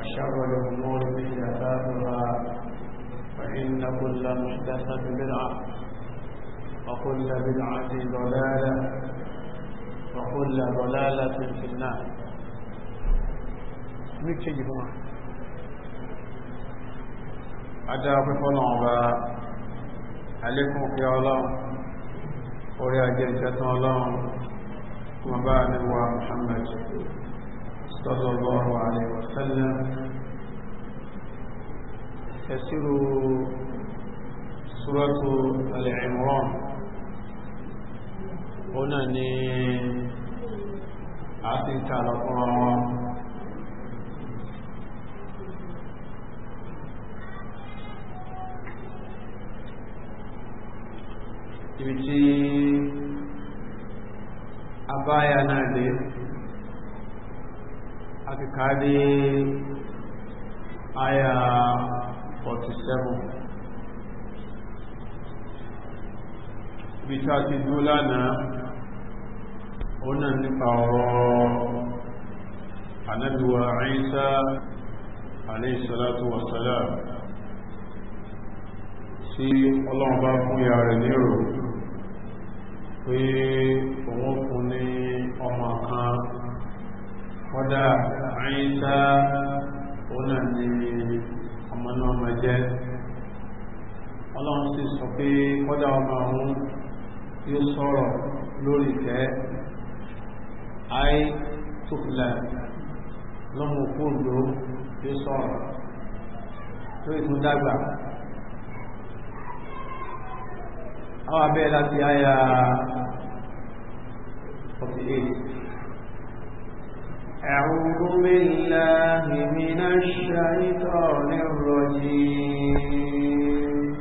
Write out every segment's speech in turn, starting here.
وشر الأمور محدثاتها فإن كل محدثة بدعة وكل بدعة ضلالة وكل ضلالة في النار méjèèjì fún wa adára pípọ́ náà bá alékún kí ọlọ́run orí ajé ìṣẹ́tàn ọlọ́run wọn bá níwà Muhammad صلى الله عليه وسلم تسير سورة العمران هنا عتيك على القرآن ibi tí abáyá náà dé àti káàdé àyà 47 ibi tí a ti dúó lánàá ó náà nípa ọ̀rọ̀ ànábíwà Ìsá alayhi salatu wassalam tí ọlọ́run bá fún ìyá rẹ̀ nírò pé òun fún ní ọmọ kan kọ́dá àìsá òun náà ni ọmọ náà máa jẹ́ ọlọ́run sì sọ pé kọ́dá ọmọ òun tí ó sọ̀rọ̀ lórí ìfẹ́ àì tókùlẹ̀ lọ́mọ òkúrò tí sọ̀rọ̀ lórí tó dàgbà àwọn abẹ́ láti àyà 48 أعوذ بالله من الشيطان الرجيم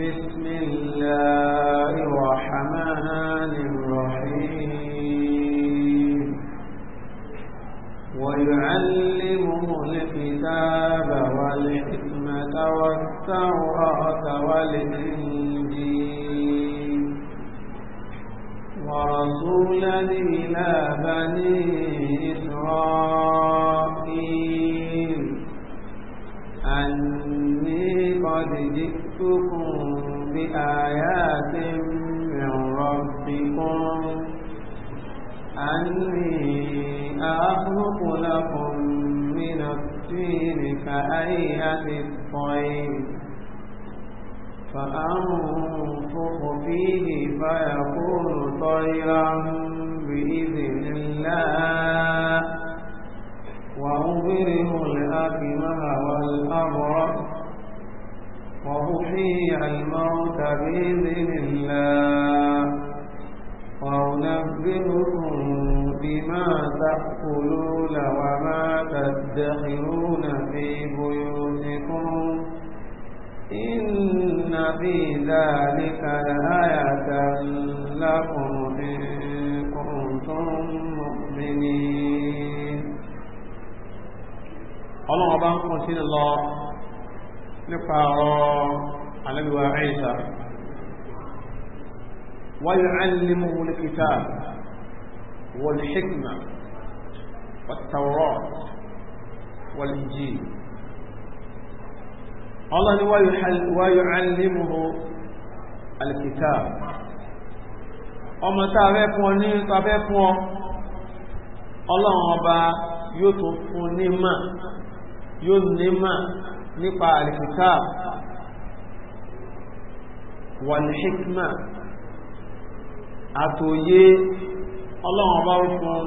بسم الله الرحمن الرحيم ويعلمه الكتاب والحكمة والتوراة والإنجيل ورسولا إلى بني إسرائيل أني قد جئتكم بآيات من ربكم أني أخلق لكم من الطين كأية الطير فأنفخ فيه فيكون طيرا بإذن الله وأبره الأكمه والأبرص وأحيي الموت بإذن الله وأنبئكم بما تأكلون وما تدخرون في بيوتكم إن في ذلك لآية لكم إن كنتم مؤمنين ọlọ́run ọba ń kún sí lọ nípa ọ̀rọ̀ alẹ́bíwá àìsà wáyé alìmọ̀ olùkítà wọlùhíkmà wàtàwọ̀rọ̀ wọlùjì الله ni wa الكتاب al-kitab ọmọ tá a fẹ́ fún ọ ní tá a fẹ́ fún ọ ọlọ́run ọba yóò tún fún ní mà yóò ní mà nípa al-kitab àtòyé ọlọ́run ọba ó fún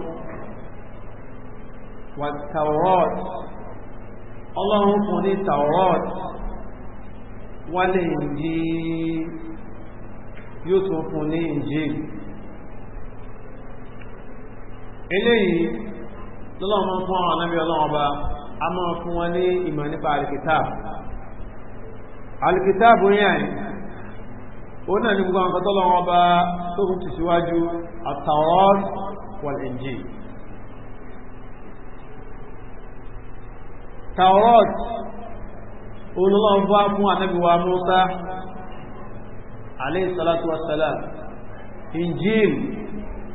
wat ọlọ́run fún ní tawrat wọ́n lè yí yóò tún fún ní Injil eléyìí lọ́lọ́wọ́ máa fún àwọn anábí ọlọ́wọ́ bá a máa fún wọn ní ìmọ̀ nípa alkitab alkitab yẹn ó náà ní gbogbo àwọn tọ́lọ́wọ́ bá tó kún ti síwájú at-Tawrat wal-Injil tawrat wal olùlọ́wọ́ wá mú ànábíwá Musa alayhi salatu wassalam injil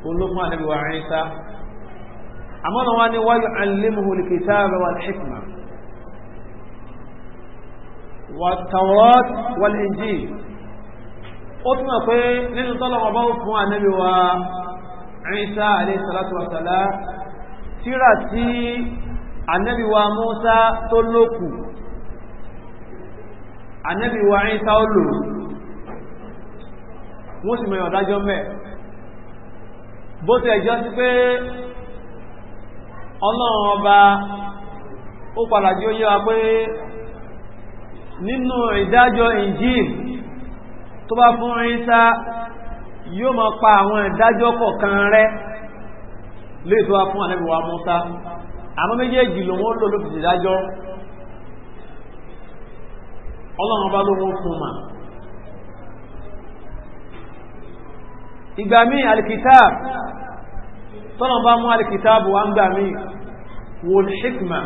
olùfún ànábíwá Isa àmọ́nà wá ní wa yu'allimuhu al-kitaba wal-hikma wat-tawrat wal-injil ó túnmọ̀ pé nínú tọ́lọ̀wọ́ bá Musa tó lókùn ànábì wa ń sá ó lò wọ́n sì mẹ́rin ọ̀dájọ́ mẹ́ bó ti ẹ̀jọ́ sí pé ọlọ́run ọba ó padà jí ó yé wa pé nínú ìdájọ́ Injil tó bá fún Ìsá yóò máa pa àwọn ìdájọ́ kọ̀ọ̀kan rẹ̀ lè tó wá fún ànábì wa Mùsá àmọ́ méjèèjì lòun ó lò lófin ìdájọ́ ọlọ́run bá lówó fún ma ìgbà míì alkitab tọ́lọ̀ bá mú alkitab wà ń gbà míì wal hikma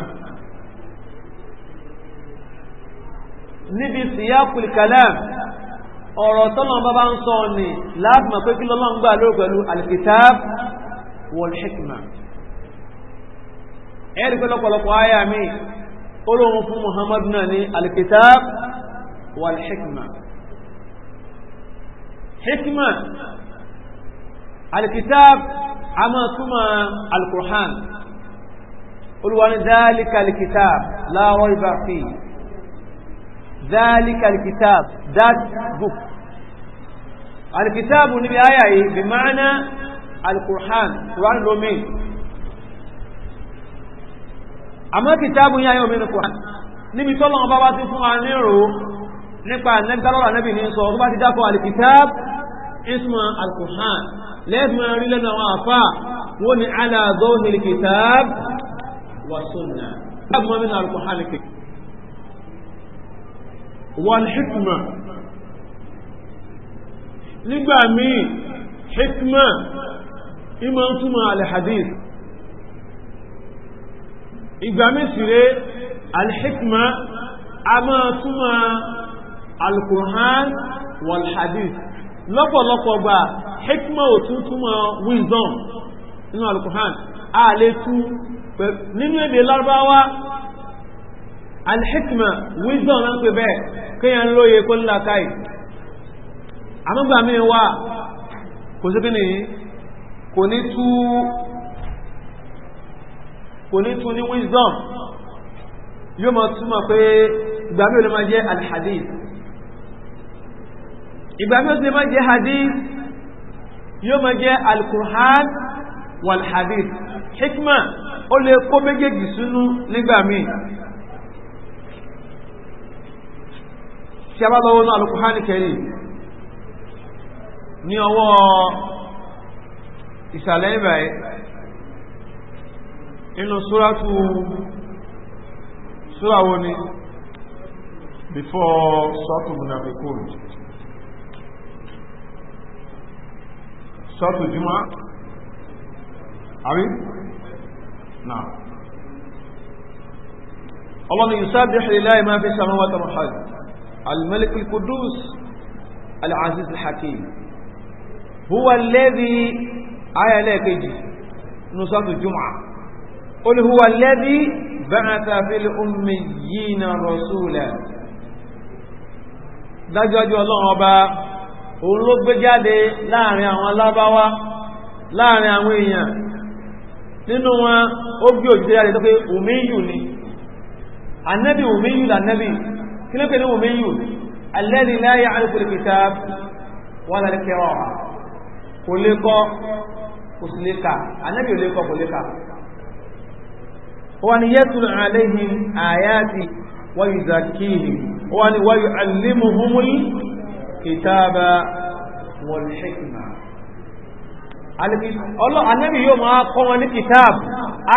níbi siyaqul kalam ọ̀rọ̀ tọ́lọ̀ bá bá ń sọ ní láàbùmà pé kí lọ́lọ́ ń gbà lórí pẹ̀lú alkitab ẹ̀rí pẹ́lọpọ̀lọpọ̀ ayà míì fún muhammadu náà ní alkitab والحكمة حكمة الكتاب عما ثم القرآن قل ذلك الكتاب لا ريب فيه ذلك الكتاب ذات بف الكتاب نبي آية بمعنى القرآن قرآن الرومين أما كتاب يا يومين القرآن نبي صلى الله عليه وسلم nípa nẹ́gbàlọ́rọ̀ anẹ́bì ní sọ tó bá ti dákọ̀ alkitab isma alkuhan lẹ́gbùn rí lẹ́nu àwọn àfá wọ́n ni aláàzọ́ ní alkitab wa sunna lẹ́gbùn min alkuhan wal hikma nígbà míì hikma ima ń túnmọ̀ alhadith ìgbà míì sì rẹ̀ alhikma a máa túnmọ̀ al-Qur'an wal hadith lọ́pọ̀lọpọ̀ gba hikma ò tún túmọ̀ wisdom nínú al-Qur'an a lè tú nínú èdè lárúbáwá al-hikma wisdom náà pè bẹ́ẹ̀ kéèyàn lóye kó ńlá káì àmúgbà mi wà kò sí kí nìyí kò ní tú kò ní tú ní wisdom yóò mọ̀ túmọ̀ pé ìgbàmí olè máa jẹ́ al ìgbà mi ó sì máa jẹ́ hadith yóò máa jẹ́ al-Qur'an wal hadith hikma ó lè kó méjèèjì sínú nígbà míì tí a bá lọ́wọ́ náà al-Qur'an ní ọwọ́ ìsàlẹ̀ ìbàyẹ̀ inú súrátù súràwọ́ ni before sọ́tù munafikun ṣọ́tù jímọ́ àrí náà ọlọ́ni ìsáàbíhì láì máa fi sàmọ́ wata mahal almalikul kudus al'aziz al-hakim huwa lẹ́bí ayalẹ́kẹjì ní ṣọ́tù jímọ́ قل هو الذي بعث في الأميين رسولا dájọ́jú ọlọ́run ọba òun ló gbé jáde láàrin àwọn lábáwá láàrin àwọn èèyàn nínú wọn ó gbé òjìdé jáde tó pé òmíyù ni anẹ́bì òmíyù lànẹ́bì kí ló pè ní òmíyù alẹ́dì láyé àrífòlìkìta wọ́n lálẹ́ kẹrọ kò lè kọ́ kò sì lè kà anẹ́bì ò lè kò ni àyàtì kitaba wal hikma ọlọ́ anẹ́bì yóò máa kọ́ wọn ní kitab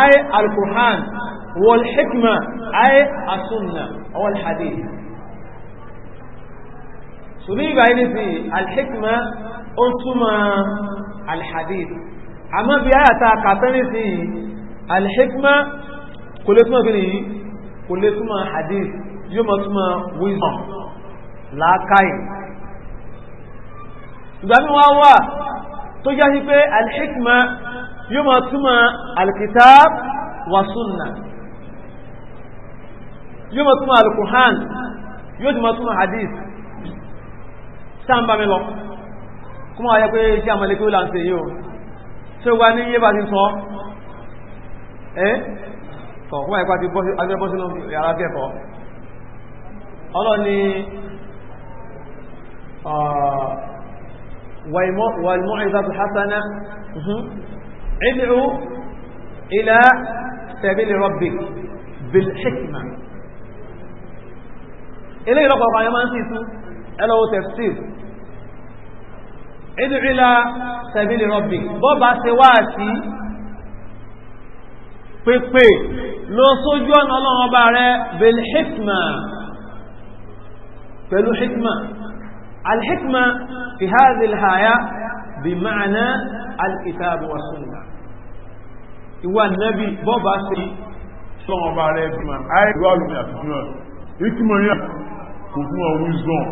ayé alkùrán wal hikma ayé asúnnà wal hadith ṣùgbọ́n ìgbà ilé sí alhikma ó túnmọ̀ alhadith àmọ́ bí ayàta kàtẹ́rì sí alhikma kò lè túnmọ̀ gini kò lè túnmọ̀ hadith yóò máa túnmọ̀ wisdom láákàyè ìgbàmí wá wà tó já sí pé alhikma yóò máa túmọ̀ alkitab wa sunna yóò máa túmọ̀ alkuhan yóò máa túmọ̀ hadith sáàmbá mi lọ kúmọ̀ ayẹ́ pé iṣẹ́ àmàlẹ́kí là ń ṣe yíò tí ó wá ní yé bá ti sọ ẹ́ tọ̀ kúmọ̀ ayẹ́ pàtí agbẹ́bọ́sínú yàrá kẹ́kọ̀ọ́ ọlọ́ni والموعظة الحسنة ادعو إلى سبيل ربك بالحكمة إليه لقد قال ما أنسيت ألو تفسير ادعو إلى سبيل ربك بابا سواتي pèpè lọ sójú ọ̀nà ọlọ́run ọba rẹ̀ bil hikma pẹ̀lú hikma الحكمة في هذه الآية بمعنى الكتاب والسنة ìwà nẹ́bí bọ́bá sí sọ́wọ́n ọba rẹ̀ ìgbìmọ̀ àìríwá olùmí àfihàn ìkìmọ̀ ní kò túnmọ̀ wisdom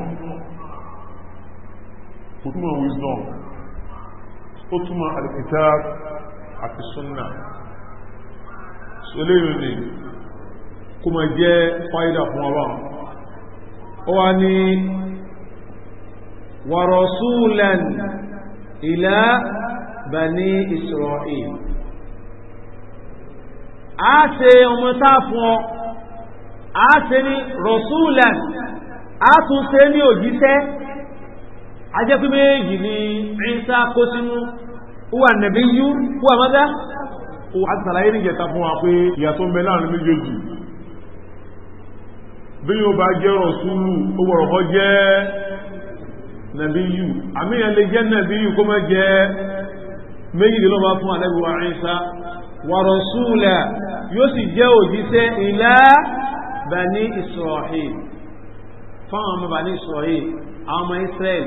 kò túnmọ̀ wisdom ó túnmọ̀ al-kitab àti sunna soléyìn ni kò mọ̀ jẹ́ fáyídà fún ọba ó wá ní ورسولا إلى بني إسرائيل آتي a آتني رسولا آتني وجيسي ajẹ́kú méjì ni Ìsá kó sínú wà nàbí yú wà mọ́dá o àtàlàyé ní ìjẹta fún wa pé ìyàtọ̀ ń bẹ láàrin méjèèjì nàbíyù àmìyàn lè jẹ́ nàbíyù kó mọ́ jẹ́ méjìdínlọ́wọ́ fún àdẹ́gbẹ̀wà àìsá wà rọ̀súùlà yóò sì jẹ́ òjíṣẹ́ ilá bani Israel fáwọn ọmọ bani Israel àwọn ọmọ Israel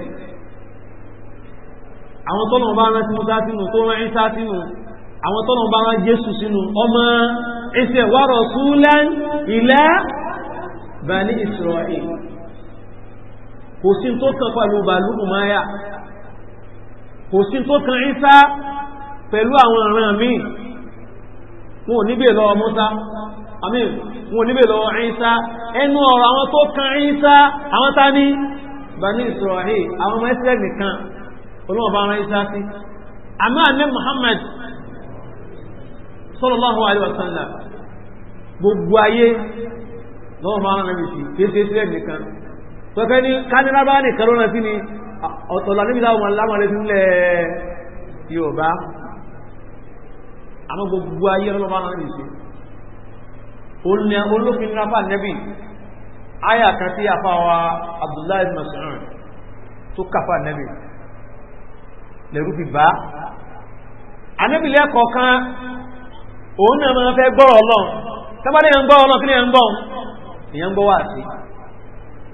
àwọn tọ́nà bá rán sínú dá sínú tó rán Ìsá sínú àwọn tọ́nà bá rán kò sí tó kan pẹ̀lú bàlúù máyà kò sí tó kan Ìsá pẹ̀lú àwọn ìran míì wọn ò níbè lọ Mùsá àmín wọn ò níbè lọ Ìsá ẹnu ọ̀rọ̀ àwọn tó kan Ìsá àwọn ta ní Bani Isra'il àwọn ọmọ ẹsẹ̀ nìkan olóòbá ara Ìsá sí àmọ́ àmì Muhammad sallallahu alaihi gbogbo ayé lọ́wọ́ máa rán ẹ̀mí sí pẹ̀kẹ́ ní kánílábá ní kẹrọ́nà sí ni ọ̀tọ̀lá níbi láwọn alámọ̀lẹ́ sí ilẹ̀ Yorùbá àmọ́ gbogbo ayé ọlọ́mọ náà nì sí olófin rafa nẹ́bì ayà kan tí a fáwa Abdullahi Mas'ud tó kàfà nẹ́bì lẹ́rú fi bá anẹ́bì lẹ́kọ̀ọ́ kan òun náà máa fẹ́ gbọ́rọ̀ Ọlọ́run tábàdé yẹn ń gbọ́ Ọlọ́run kí ni yẹn ń gbọ́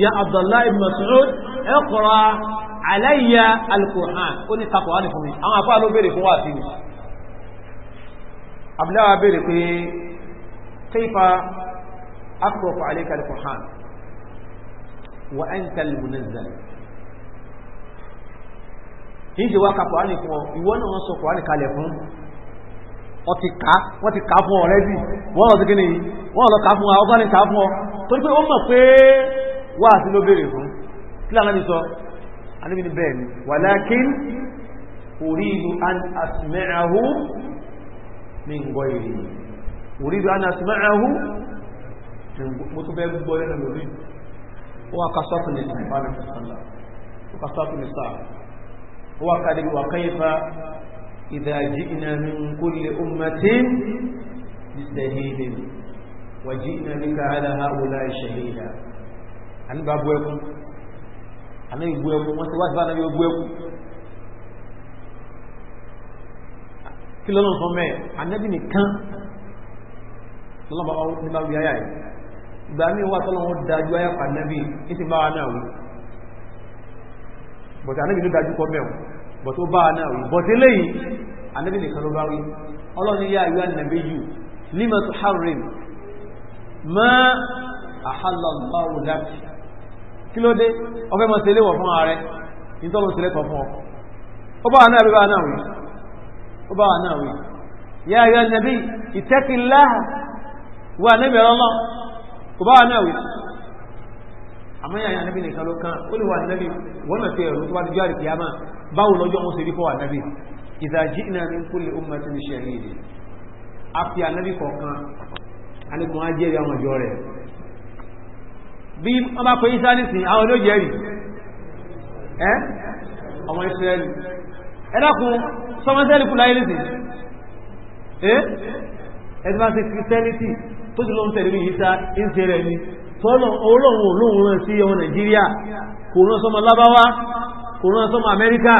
يا abdullahi mas'ud ẹkọrọ aláyà alkùnhàn ó ní takọ̀ wánì fún mi àwọn afá ló bèèrè fún wà sí mi abdullahi bèèrè pé kéfà akọ̀kọ̀ aláyà alkùnhàn wa anta almunazzal níjẹ́ wá ka kọ̀wánì fún ọ ìwọ náà wọ́n sọ kọ̀wánì kalẹ̀ fún wọ́n ti ká wọ́n ti ká fún ọ rẹ́dì wọ́n lọ sí kí wọ́n lọ ká fún ọ ọgbọ́n ni ká fún ọ torí pé mọ̀ pé wá sí ló béèrè fún kí lànà bí sọ anábì ní bẹ́ẹ̀ ni walakin uridu an asma'ahu min ghayri uridu an asma'ahu mo tún fẹ́ gbọ́ lẹ́nu lórí wa kasatu ni sàmìfàmì sàmìlá wa kasatu ni sáà wa àníbà bú ẹkún àníbì bú ẹkún wọ́n ti wá síbá àníbì bú ẹkún kí lọ́nà sọ mẹ́ àníbì nìkan lọ́nà bá níbà wí ayá yìí ìgbà míì wà tọ́lọ́ wọn dájú ayá pa àníbì ní ti bá wa náà wí bọ̀tí àníbì ló dájú kọ mẹ́wọ̀n bọ̀tí ó bá wa náà wí bọ̀tí léyìí àníbì nìkan ló bá wí ọlọ́ni yá ìwé àníbì yìí lima tuharrim ma ahalla Allahu laki kí ló dé ọfẹ́ mọ́ sílé wọ̀ fún ààrẹ ìtọ́lù sílé kọ fún ọ ó bá náà bíbá náà wí ó bá náà wí yá ayọ́ nàbí ìtẹ́kìláà wà níbi ọlọ́ kò bá náà wí nìkan ló kàn ó lè wà wọ́n ẹ̀rọ tó bá ti báwo lọ́jọ́ wọn sì rí fọ́ wà nàbí idha ji'na min kulli ummatin shahid àfi bí wọ́n bá pè Ìsá nísìn àwọn ló jẹ́rì ẹ́ ọmọ Ísírẹ́lì ẹ̀dàkùn sọmọ́sẹ́lì kú láyé nísìn ẹ́ ẹ̀dàkùn Christianity tó ti lọ ń tẹ̀lé Ìsá ìsẹ̀rẹ̀ ni tọ́lọ̀ olóhun olóhun rán sí ọmọ Nàìjíríà kò rán sọmọ lábáwá kò rán sọmọ Amẹ́ríkà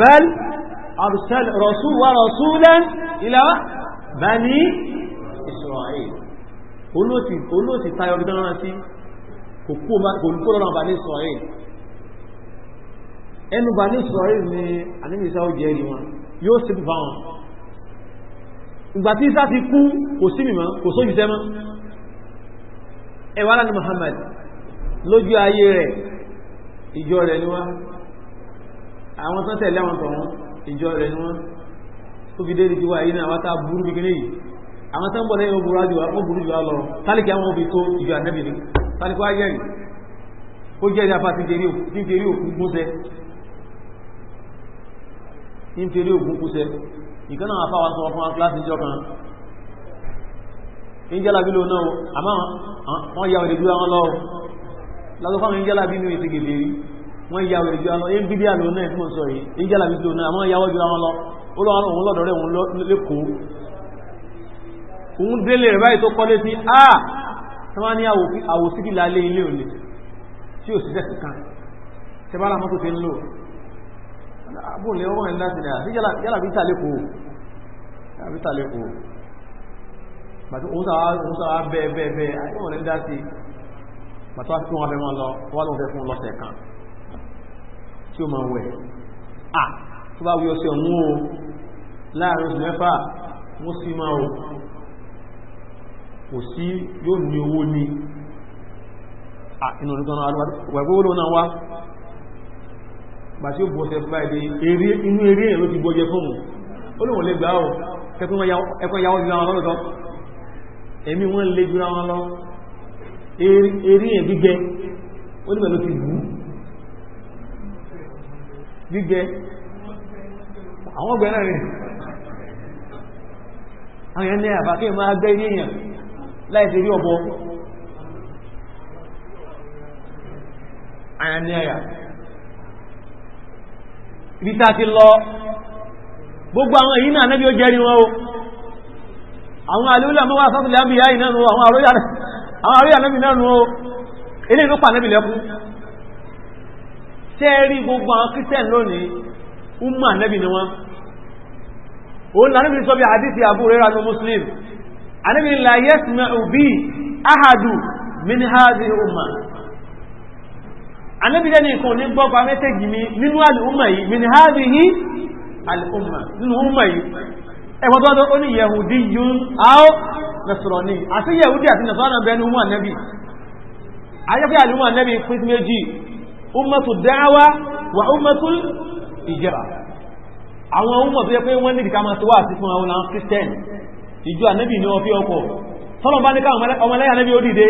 bẹ́ẹ̀l rọ̀súwà rọ̀súlẹ̀ ilẹ̀ bani Israel olóòtì tayọ̀ bí tọ́lọ́rán sí kò kú lọ́nà ọba ní sọ̀rẹ́ ẹnu bá ní sọ̀rẹ́ ni àníbìsá ó jẹ́ ẹni wọn yóò sì bí fáwọn ìgbà tí Ìsá ti kú kò sí mìmọ́ kò sójú tẹ́mọ́ ẹwà láti Muhammad lójú ayé rẹ̀ ìjọ rẹ̀ ni wá àwọn tán tẹ̀lé àwọn tọ̀wọ́n ìjọ rẹ̀ ni wọ́n tó fi dédé tíwá yìí náà wá tá burú bí kí ní yìí àwọn tán bọ̀ lẹ́yìn ó burú jù wá lọ tálíkì àwọn òbí tó ìjọ ànẹ́bì tani kó ayẹ́rì ó jẹ́ ní afá ti jẹ́rí òkun kúsẹ́ ní jẹ́rí òkun kúsẹ́ ìkánná afá wa sọ fún akíláàsì ìjọ kan ìjẹ́lábí ló náà àmọ́ wọ́n ya òdèdú àwọn lọ́wọ́ lọ́dọ̀ fáwọn ìjẹ́lábí ní ìsìnkèdè rí wọ́n ya òdèdú àwọn lọ́wọ́ ìbídí àlò náà tí mo sọ yìí ìjẹ́lábí ló náà àmọ́ yàwó ju àwọn lọ ó lọ́wọ́ òun lọ́dọ̀ rẹ̀ òun lẹ́kọ̀ọ́ òun délé rẹ̀ báyìí tó kọ́lé sí ah tí wọ́n ní àwòsídì lálé ilé òní tí ò sí jẹ́ kankan tí bá lámọ́tò tí ń lò abúlé ọwọ́ ẹ̀ láti rẹ̀ àti yálà bí tàlékòó bàtí òun sáwá bẹ́ẹ̀ bẹ́ẹ̀ bẹ́ẹ̀ àìwọ̀n ẹ̀ dá sí bàtí wọ́n fi wọ́n fẹ́ wọ́n lọ wọ́n lọ́n fẹ́ fún lọ́sẹ̀ kan tí ó máa wẹ̀ à tó bá wí ọsẹ̀ òun o láàrin oṣù mẹ́fà wọ́n sì máa o kò sí yóò ní owó ní inú ọdún wẹ̀gbọ́gbọ́ náà wá bá tí ó bọ́ sẹ́fẹ́ báyìí inú eré ẹ̀ ló ti bọ́ jẹ fún mù olóòwò lè gbà ọ́ ẹkùn yàwó jùlọ àwọn lọ́dọ̀ ẹ̀mí wọ́n lè jùlọ àwọn lọ eré ẹ̀ gbígbẹ́ onígbẹ̀ ló ti wù gbígbẹ́ àwọn ọgbẹ̀ rẹ̀ àwọn ẹ̀lẹ́ àbákẹ́ máa gbẹ́ ní èèyàn láìsí rí ọ̀bọ àyànníyà ibi ti lọ gbogbo àwọn èyí náà nẹ́bí ó jẹ́rí wọn o àwọn alúlà mọ́wá sọ́tìlẹ̀ àbíyá ìnánu àwọn àróyà nẹ́bí nánu o ilé inú tẹ́ rí gbogbo àwọn kírísẹ́n lónìí umma nẹ́bí ni wọ́n náà anabi la yasma'u bi ahadu min hadhihi umma anabi dani ko ni gbọ́ pa message mi nínú al umma yìí min hadhihi al umma nínú umma e wo do aw nasrani yahudi àti nasrani benu umma nabi aye fi al umma nabi pín méjì ummatu wa ummatu hijra awon umma tó yẹ pé di ká máa tó ìjọ ànábì ní ọfí ọkọ̀ tọ́lọ̀n bá ní káwọn ọmọlẹ́yà ànábì ó dìde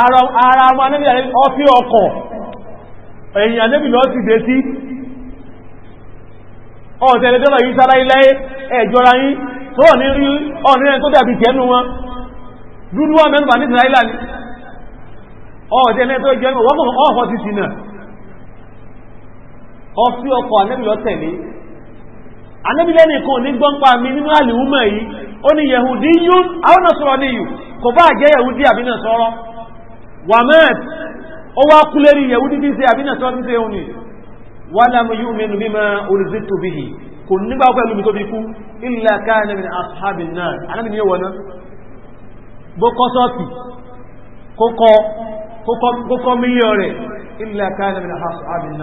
ara ọmọ ànábì ọfí ọkọ̀ ẹ̀yìn ànábì lọ sí dé sí ọ̀tẹ̀lẹ̀ tọ́lọ̀ yìí sára ilẹ̀ ẹ̀jọra yìí tó ní rí ọ̀nìyàn tó dàbí jẹ́nu wọn dúdú wọn mẹ́nu bà ní ìsìnláìlà ni ọ̀tẹ̀lẹ̀ tó jẹ́nu wọ́n mọ̀ ọ̀fọ́ ti sinà ọfí ọkọ̀ ànábì lọ tẹ̀lé ànábì lẹ́nìkan ní gbọ́npa mi nínú àlìwúmọ̀ yìí oni ní yahudi yún àwọn nasọ̀rọ̀ ní ko kò bá yahudi àbínà sọ́rọ̀ wàmẹ́t o wa kuleri lérí yahudi tí ṣe àbínà sọ́rọ̀ tí ṣe òní wà lámù yóò mẹ́nu bí máa orísí tó bí yìí kò nígbà pẹ̀lú mi tó bí kú ilẹ̀ káyà min ashabin náà anábì ní wọ̀nà bó kọ́ sọ́ọ̀tì kókọ́ míyọ rẹ̀ ilẹ̀ min ashabin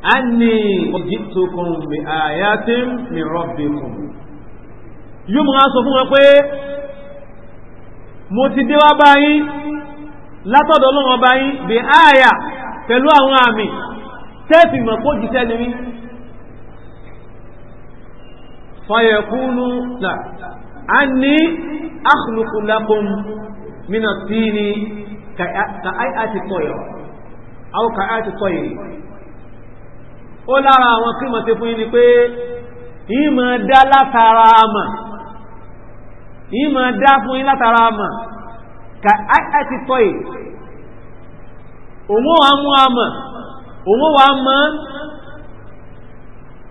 anni ojitukum bi ayatin min rabbikum yóò mọ̀ sọ fún wọn pé mo ti dé wá báyìí látọ̀dọ̀ Ọlọ́run báyìí bi aya pẹ̀lú àwọn àmì tẹ́ẹ̀fì mọ̀ kó jíṣẹ́ ni mí fayekunu na anni akhluqu lakum min at-tini ka ayati toyo aw ka ayati toyo ó lára àwọn tí mọ̀ sí fún yín ni pé ìmọ̀ dá látara àmà ìmọ̀ dá fún yín látara àmà ka àti tọ́ ì òun wà mú àmà òun wà mọ́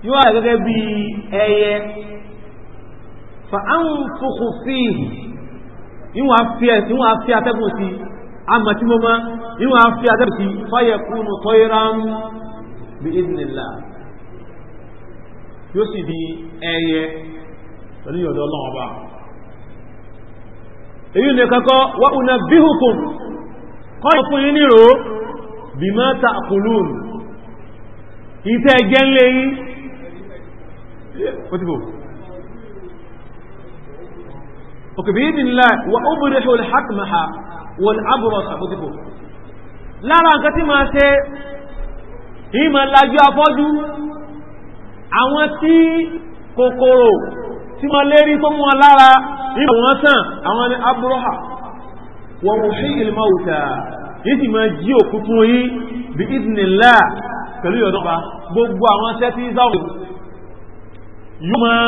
yóò wà gẹ́gẹ́ bí ẹyẹ fa anfukhu fihi ìwọ̀n àfi atẹ́gùn sí àmà tí mo mọ́ ìwọ̀n àfi atẹ́gùn sí fáyẹ̀kúnù tọ́ ìrànmù bí ìdínlá yóò sì di ẹyẹ pẹ̀lú ìyọ̀dọ̀ ọlọ́wọ́ bá èyí ní kọ́kọ́ wa unabbihukum kọ́ ìfún yí nírò bima ta'kulun ìtẹ́ ẹgẹ́ ńlẹ̀ yí kòtìbò òkè bí ìdínlá wa ubrihu al-akmaha wal abrasa kòtìbò ìmọ̀ lajú afọ́jú àwọn tí kòkòrò tí wọ́n lérí tó mú wọn lára ìmọ̀ wọn sàn àwọn ni abúrọ́hà wọ́n mú sí ìlmọ̀ òtà yìí sì máa jí òkú fún yí bí ìdìnnìlá pẹ̀lú ìyọ̀dọ́pa gbogbo àwọn tẹ́ tí záwọ̀ yóò máa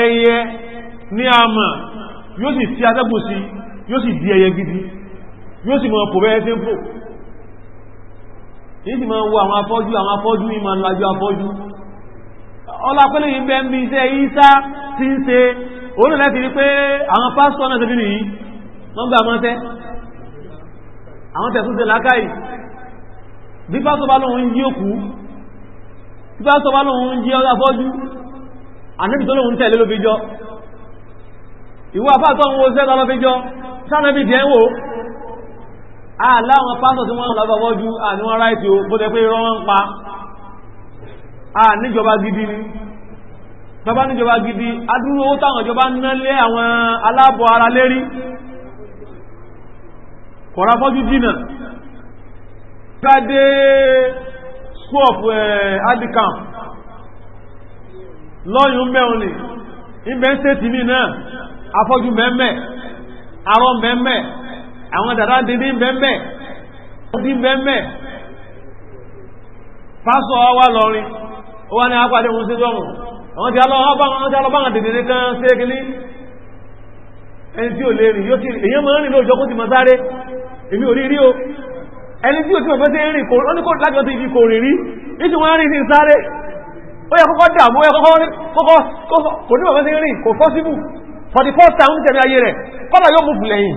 ẹyẹ ní àmà yóò sì fi atẹ́gùn sí yóò sì di ẹyẹ gidi yóò sì mọ̀ pòbẹ́ ẹ́ nídìí máa ń wo àwọn afọ́jú àwọn afọ́jú yìí máa ń lajú afọ́jú ọlápẹ́lẹ̀ yìí bẹ́ ń bí iṣẹ́ ìsá tí ń ṣe orílẹ̀ láti rí pé àwọn pásítọ̀ náà tẹ́bí nìyí wọ́n gbà máa tẹ́ àwọn tẹ̀sùn ṣe lákàì bí pásítọ̀ bá lóun yí òkú bí pásítọ̀ bá lóun yí afọ́jú ànábì tó lóun tẹ̀lé ló jọ ìwọ àfáàtọ̀ ń wo sẹ́ta ló fi aláwọn ah, pásọ̀ tí wọ́n lọ́gbọ̀wọ́ ju ah, àníwọ́n ráìtì o bó tẹ́ pé irọ́ ń pa a ah, níjọba gidi ni níjọba gidi táwọn ìjọba ń nálé àwọn ara lérí dínà eh, lọ́yún mẹ́un ni ìbẹ̀ àwọn dàda dídí ń bẹ́ẹ̀ dín bẹ́ẹ̀ pásọ wà lọrin ó wá ní apàdé òun sí sọ́run àwọn tí alọ́bàwọn dèdèrè kan sí ekini ẹni tí ò lè rìn yóò kí èyàn mọ́ rìn lóòjọ́ kó ti mọ́ sáré èmi ò rí rí o ẹni tí ò tí ọ̀fẹ́ sí rìn kò ní kò láti ọdún ìfi kò rìn rí ìṣù wọ́n rìn sí sáré ó yẹ kọ́kọ́ dààmú ẹ kọ́kọ́ kò ní ọ̀fẹ́ sí rìn kò fọ́síbù for the first time tẹ̀lé ayé rẹ̀ kọ́lá yóò mú fùlẹ̀yìn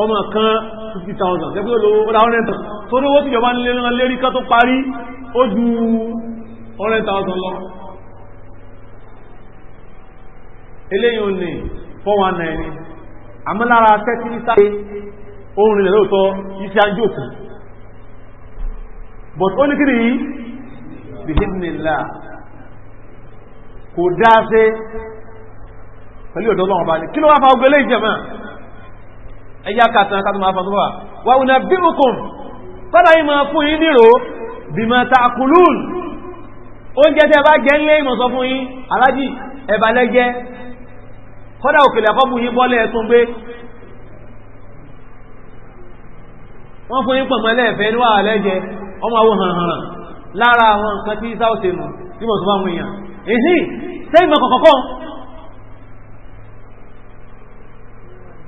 ọmọ kan 50,000 jẹ́ pé ó lówó ra 100,000 tó lówó tí ìjọba nílé náà lérí ká tó parí ó ju 100,000 lọ eléyìn ò ní 419 ni àmúlára tẹ́tí ní sáré ohun ilẹ̀ lóòtọ́ iṣẹ́ ajókù but ó ní kí ni bihinnila kò dáa sí pẹ̀lú ọ̀dọ́ ọlọ́run ẹ̀yà kàtàn kàtàn máa fọ́sọ́fọ́ wà wà wùnà bí mùkùn kọ́dà yìí máa fún yín nírò bí máa ta kùlùn oúnjẹ tẹ́ bá jẹ́ ńlẹ́ ìmọ̀ sọ fún yín alájì ẹ̀bà lẹ́jẹ́ kọ́dà òkèlè àkọ́bù yín bọ́lẹ̀ ẹ̀tún gbé wọ́n fún yín pọ̀mọ́ lẹ́ẹ̀fẹ́ ní wà lẹ́jẹ́ ọmọ àwọn hàn hàn lára àwọn nǹkan tí sáwọ́sẹ̀ nù tí mọ̀ sọ fún àwọn èèyàn èyí sẹ́yìn mọ̀ kọ̀kọ̀kọ́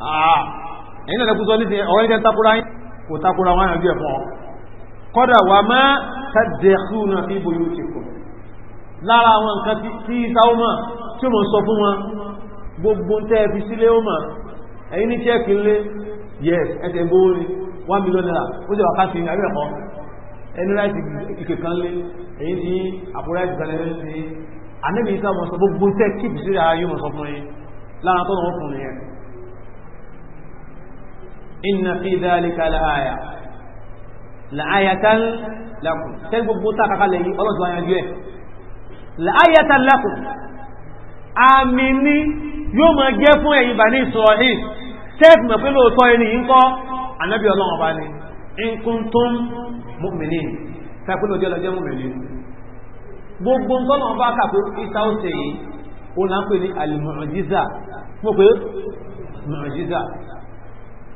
Ah, ẹ̀yìn náà kúsọ nísìn ọ̀rọ̀ ìjẹ́ takura yín kò takura wọn àbí ẹ̀fọ́ kọ́dà wà má tàdẹ̀kú náà fi bòyó ti kù lára àwọn nǹkan tí ìsáwọ́ mọ̀ tí ó mọ̀ sọ fún wọn gbogbo tẹ́ fi sílé ó mọ̀ ẹ̀yìn ní chẹ́ẹ̀kì ńlé yes ẹsẹ̀ gbówó ni one million naira ó jẹ́ wàká sí àbí ẹ̀kọ́ ẹni láìsí ìkè kan lé èyí tí àpò láìsí kan lẹ́yìn sí àníbi ìsáwọ́ sọ gbogbo tẹ́ kíìpì sílé ara yóò mọ̀ sọ fún yín lára tó lọ́wọ́ fún yẹn inna fi dhalika la aya la ayatan lakum tẹ́ gbogbo tá kàkà lẹ́yìn ọlọ́dún ayanjú ẹ̀ la ayatan lakum àmì ní yóò máa jẹ́ fún ẹ̀yin Bani Israil tẹ́ẹ̀fù mọ̀ pé lóòótọ́ ẹni yìí ń kọ́ ànábì ọlọ́run ọba ni in kuntum mu'minin tẹ́ẹ̀fù lóòótọ́ ọlọ́jẹ́ mu'minin gbogbo ń tọ́nà ọba kà pé ó ṣe yìí ó là pè ní al-mu'jiza pé mu'jiza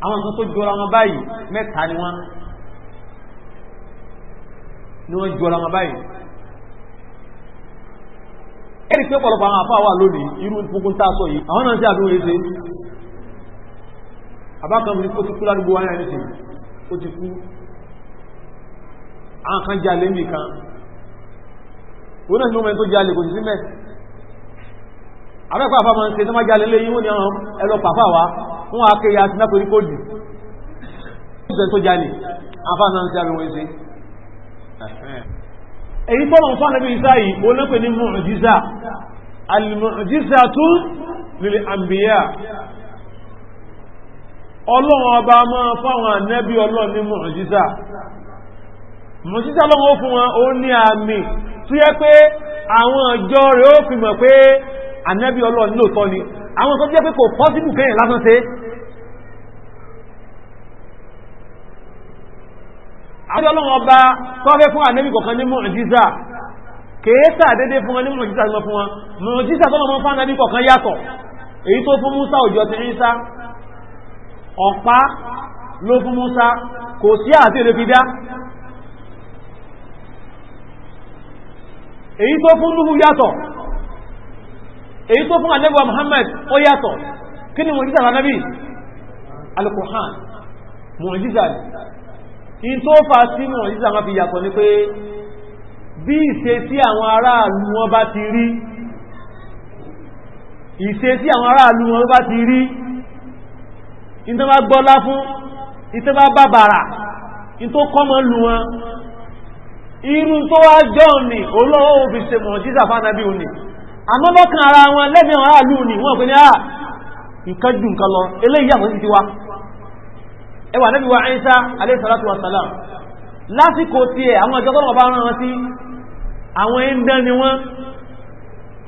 àwọn nǹkan tó jọra wọn báyìí mẹ́ta ni wọ́n ni wọ́n jọra wọn báyìí ẹ̀rí pé ọ̀pọ̀lọpọ̀ àwọn àfáà wà lónìí irú gbogbo tá a sọ yìí àwọn náà sí àdúró ẹsẹ̀ àbákan mi ó ti kú ládùúgbò wáyà ẹni sìn ó ti kú àwọn kan jalè ń bì kan òun náà ní wọ́n mẹ́rin tó jalè kò sí sí mẹ́ àbẹ́pẹ́ àfáà máa ń ṣe tó máa jalè lé wọ́n ni àwọn ẹlọ́pàá fáà wá wọ́n ya kéré àti mẹ́kòrí kò dì ìjọ tó jalè àfáàná ń sáré wọ́n ṣe èyí tó wọ́n fánàbí ìsá yìí ó lọ́pẹ̀ ní mọ̀jíza alìmọ̀jíza tún lil àmbíyà ọlọ́run ọba máa fáwọn ànẹ́bí ọlọ́run ní mọ̀jíza mọ̀jíza lọ́wọ́ fún wọn ó ní àmì tó yẹ pé àwọn ọjọ́ rẹ̀ ó fi mọ̀ pé ànẹ́bí ọlọ́run lóòtọ́ ni àwọn tó jẹ́ pé kò pọ́sibù kẹ́yìn lásán tí ọlọ́run ọba tọ́fẹ́ fún ànẹ́bì kọ̀kan ní mọ̀jíza kèéta dédé fún wọn ní mọ̀jíza lọ fún wọn mọ̀jíza tọ́lọ̀ mọ́ fún ànẹ́bì kọ̀kan yàtọ̀ èyí tó fún Musa òjò ti rísá ọ̀pá ló fún Musa kò sí àti èrè fi dá èyí tó fún Nuhu yàtọ̀ èyí tó fún ànẹ́bì Muhammad ó yàtọ̀ kí ni mọ̀jíza lọ ànẹ́bì al in tó fa sínú ìsá wọn fi yàtọ̀ ni pé bí ìṣe sí àwọn aráàlú wọn bá ti rí ìṣe sí àwọn aráàlú wọn bá ti rí in tó bá gbọ́lá fún in tó bá bàbàrà in tó kọ́mọ lù wọn irú tó wá jọ́ ni olówó òbí ṣe mọ̀ jísà fánàbí òní àmọ́ lọ́kàn ara wọn lẹ́gbẹ̀ẹ́ aráàlú ni wọ́n pè ní ah, nǹkan jù nǹkan lọ eléyìí yàtọ̀ ti wa ẹwà nẹ́bí wa Ìsá aléṣàlátù wasalam lásìkò tí ẹ àwọn ìjọba ọba rán wọn sí àwọn ẹ̀ndán ni wọ́n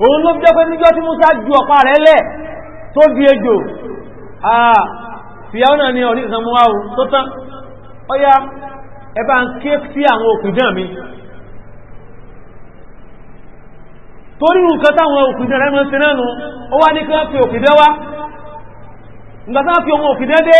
òun ló jẹ́ pé níjọ́ tí Musa ju ọ̀pá rẹ̀ lẹ̀ tó di ejò fìyàwó náà ni ọ̀rí ìsan mú wáwó tó tán ọya ẹ bá ń ké sí àwọn òkùnjẹ́ mi torí nǹkan táwọn òkùnjẹ́ rẹ̀ mọ́ sí náà nù ó wá ní kí wọ́n fi òkùnjẹ́ wá nígbà táwọn fi ohun dé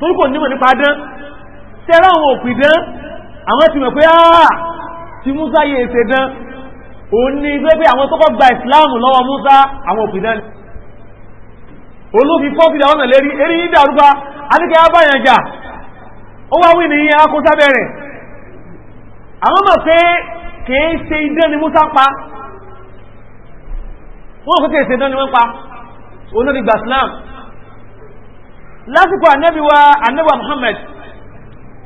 torúkò nímọ̀ nípa dán tẹ́rà àwọn òpì dán àwọn ti mọ̀ pé àà ah, ti Musa yẹ èsè dán òun ni pé pé àwọn tọ́kọ́ gba ìsìláàmù lọ́wọ́ Musa àwọn òpì dán olófin kọ́fì àwọn ẹ̀lérí erí ní dàrúgbà adékẹ́ abáyànjà ó wá wí ní akọ́sábẹ̀rẹ̀ àwọn mọ̀ pé kìí ṣe idán ni Musa pa wọ́n kò kìí ṣe idán ni wọ́n pa olófin ìsìláàmù lásìkò ànábì wa ànábì wa Muhammad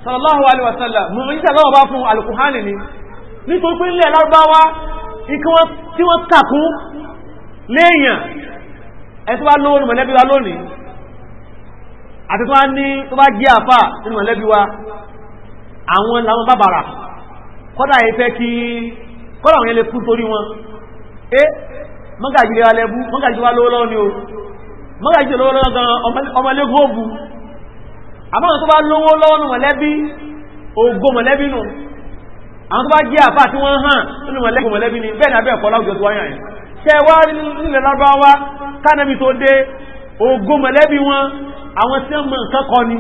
sallallahu alaihi wasallam mọ̀ ní sàlọ́wọ́ bá fún alukuhani ni nítorí pé ilẹ̀ lárúbáwá tí wọ́n kàkún léèyàn ẹ̀tọ́ bá lówó ní mọ̀lẹ́bí wa lónìí àti tó bá ní tó bá jẹ́ àfà nínú mọ̀lẹ́bí wa àwọn làwọn bàbàrà kọ́dà yìí kí kọ́dà wọn yẹn lè kú torí wọn eh mọ́gàjì mọ́ra ìṣẹ́ lọ́wọ́ lọ́wọ́ gan ọmọlé góòbù àmọ́ tó bá lówó lọ́wọ́ nù mọ̀lẹ́bí ògbó mọ̀lẹ́bí nù àwọn tó bá jẹ́ àfà tí wọ́n hàn nínú mọ̀lẹ́bí ni bẹ́ẹ̀ ni abẹ́ ọ̀pọ̀ láwùjọ tó wáyà yẹn ṣe wá nílẹ̀ lábáwá kánàbí tó dé ògbó mọ̀lẹ́bí wọn àwọn tí wọ́n mọ̀ nǹkan kọ ni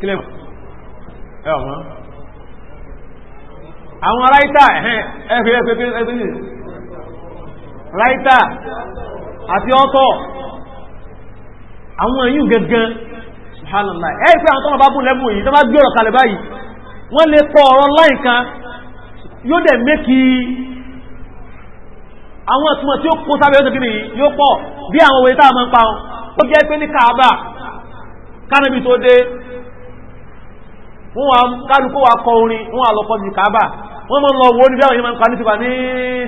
kílẹ̀ ẹ ọ̀mọ́ àwọn ráítà ẹ̀fẹ́ ẹ̀fẹ́ ẹ̀fẹ́ ráítà àti ọ́tọ̀ àwọn èyí gẹ́gẹ́ subhanallah ẹ̀ ìfẹ́ àwọn tọ́nà bá bùn lẹ́bùn èyí tó bá gbé ọ̀rọ̀ kalẹ̀ báyìí wọ́n lè pọ̀ ọ̀rọ̀ láìkan yóò dẹ̀ mékì àwọn ọ̀túnmọ̀ tí ó kó sábẹ́ ọ̀tọ̀ gíní yóò pọ̀ bí àwọn òwe táà máa ń pa wọn ó jẹ́ pé ní Kaaba kánàbì tó wọ́n wá kálukú wa kọ orin wọ́n wá lọ́kọ́ di kábà wọ́n mọ́ lọ wo oníbẹ̀ àwọn ìmọ̀ ní tipa ní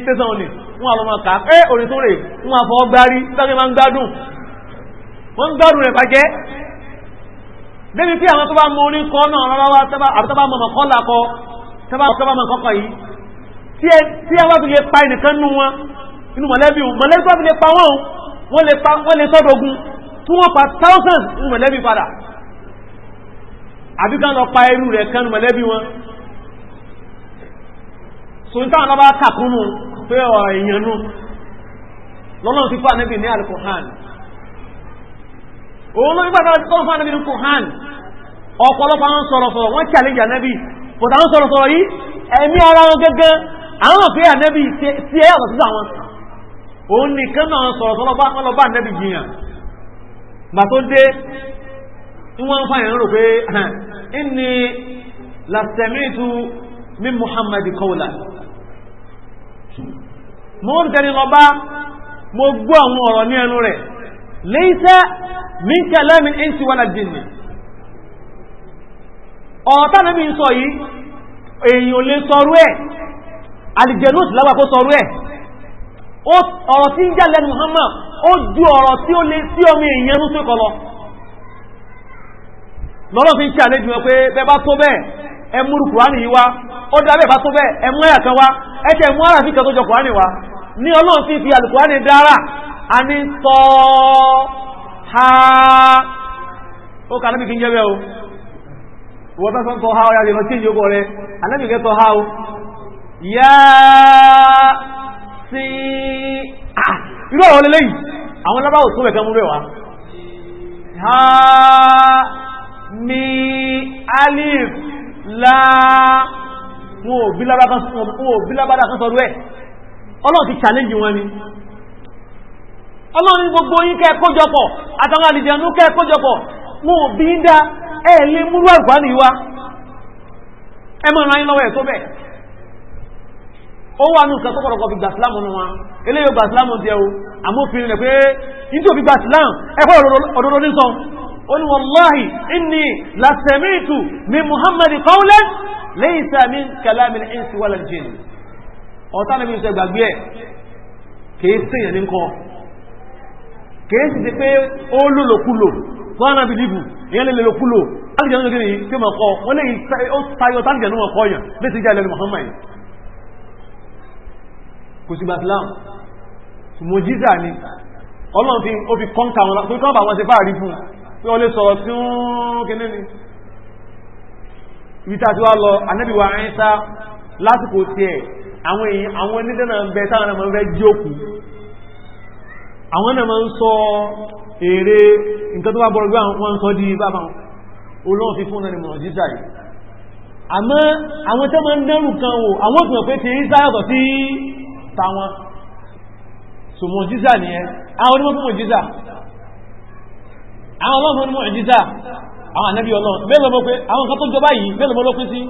tẹ́sán òní wọ́n wá lọ mọ̀ ká ẹ́ orin tó rè wọ́n wá fọwọ́ gbárí sáré máa ń gbádùn wọ́n ń gbádùn rẹ̀ bàjẹ́ débi pé àwọn tó bá mọ orin kọ́ náà rárá wa àbí tó bá mọ̀ kọ́ là kọ́ tó bá mọ̀ kọ́kọ́ yìí tí ẹ wá fi lè pa ẹnìkan nú wọn inú mọ̀lẹ́bí mọ̀lẹ́bí tó fi lè pa wọn wọ́n lè sọ́dọ̀gún tí wọ́n pa thousands inú mọ̀lẹ́bí padà àbí ká lọ pa irú rẹ̀ kánú mọ̀lẹ́bí wọn so n táwọn lọ́bá kàkúnnù pé ọ̀ èèyànú lọ́nà ti fún ànẹ́bì ní alukuhan òun ló nígbàtà tó fún ànẹ́bì ọ̀pọ̀lọpọ̀ àwọn sọ̀rọ̀sọ̀rọ̀ wọ́n sọ̀rọ̀sọ̀rọ̀ yìí ẹ̀mí ara wọn gẹ́gẹ́ àwọn sí ọ̀tọ̀ òun nìkan náà sọ̀rọ̀sọ̀rọ̀ bá tí wọ́n ń fà yẹn rò pé inni lastamitu min muhammad kọ́ọ̀lá mo ń tẹni lọ bá mo gbọ́ àwọn ọ̀rọ̀ ní ẹnu rẹ̀ laysa min kalamin insi wala jinni ọ̀tá nàbí ń sọ yìí èèyàn lè sọrú ẹ̀ àlìjẹ̀nú sì lábà sọrú ẹ̀ ọ̀rọ̀ tí ń jà lẹ́nu muhammad ó ju ọ̀rọ̀ tí ó lè sí ọmọ èèyàn tó kọ lọ lọ́rọ̀ fi ń ṣe àlejò wọn pé bẹ́ bá tó bẹ́ẹ̀ ẹ múrù kùránì yìí wá ó dá bẹ́ẹ̀ bá tó bẹ́ẹ̀ ẹ mú ẹ̀yà kan wá ẹ tẹ̀ mú ara fi kan tó jọ kùránì wá ní ọlọ́run ti fi ha ó kà níbi kí n jẹ́ bẹ́ẹ̀ ah, àwọn lábáwò tó bẹ̀ mú bẹ̀ wá ha mi alif la. wọn ò bí lábádá kan sọ̀rọ̀ ẹ̀ ọlọ́run ti challenge wọn ni ọlọ́run gbogbo yín kẹ́ kójọpọ̀ àtàwọn àlìjẹ̀nú kẹ́ kójọpọ̀ wọn ò bí ń dá ẹ̀ lè múrú àgbà ní wá ẹ mọ̀ ra yín lọ́wọ́ ẹ̀ tó bẹ̀ ó wà ní nǹkan tó pọ̀lọpọ̀ fi gbà sílámù nù wọn eléyìí gbà sílámù jẹ́ o àmófin rẹ̀ pé nítorí gbà sílámù ẹ pọ̀ قل والله إني لسمعت من محمد قولا ليس من كلام الإنس ولا الجن ọ̀tá lẹ́bí ìṣẹ́ ìgbàgbé ẹ̀ kìí síyàn ní nǹkan kìí sì ti pé ó lòlòkulò tọ́nà bìlìbù ìyẹn lè lòlòkulò alìjẹ́ ní ọjọ́ tí ma kọ́ wọ́n lè ó tayọ tàbíjẹ́ ní ọkọ̀ yàn bí ti jẹ́ ilẹ̀ Muhammad kò sí baslam mojisa ni Ọlọ́run fi kọ́ńtà wọn tó kọ́ bà wọn ṣe fáàrí fún un pé o lè sọ̀rọ̀ tí ó kéne ni ibi tàbí wá lọ ànábì wa Ìsá lásìkò tiẹ̀ àwọn èèyàn àwọn onídẹ́ náà ń bẹ táwọn náà máa ń fẹ́ jí òkú àwọn náà máa ń sọ èrè nǹkan tó bá bọ̀rọ̀ gbé àwọn ń sọ di bàbá olóhùn fi fún náà ni mọ̀ jíjà yìí àmọ́ àwọn tẹ́ máa ń dẹ́rù kan wò àwọn òpin pé ti Ìsá yàtọ̀ sí tàwọn so mọ̀ jíjà nìyẹn àwọn onímọ̀ fún àwọn ọlọ́run ní mọ̀jíza àwọn ànábì ọlọ́run mélòó mọ́ pé àwọn kan tó jọba yìí mélòó mọ́ ló pín sí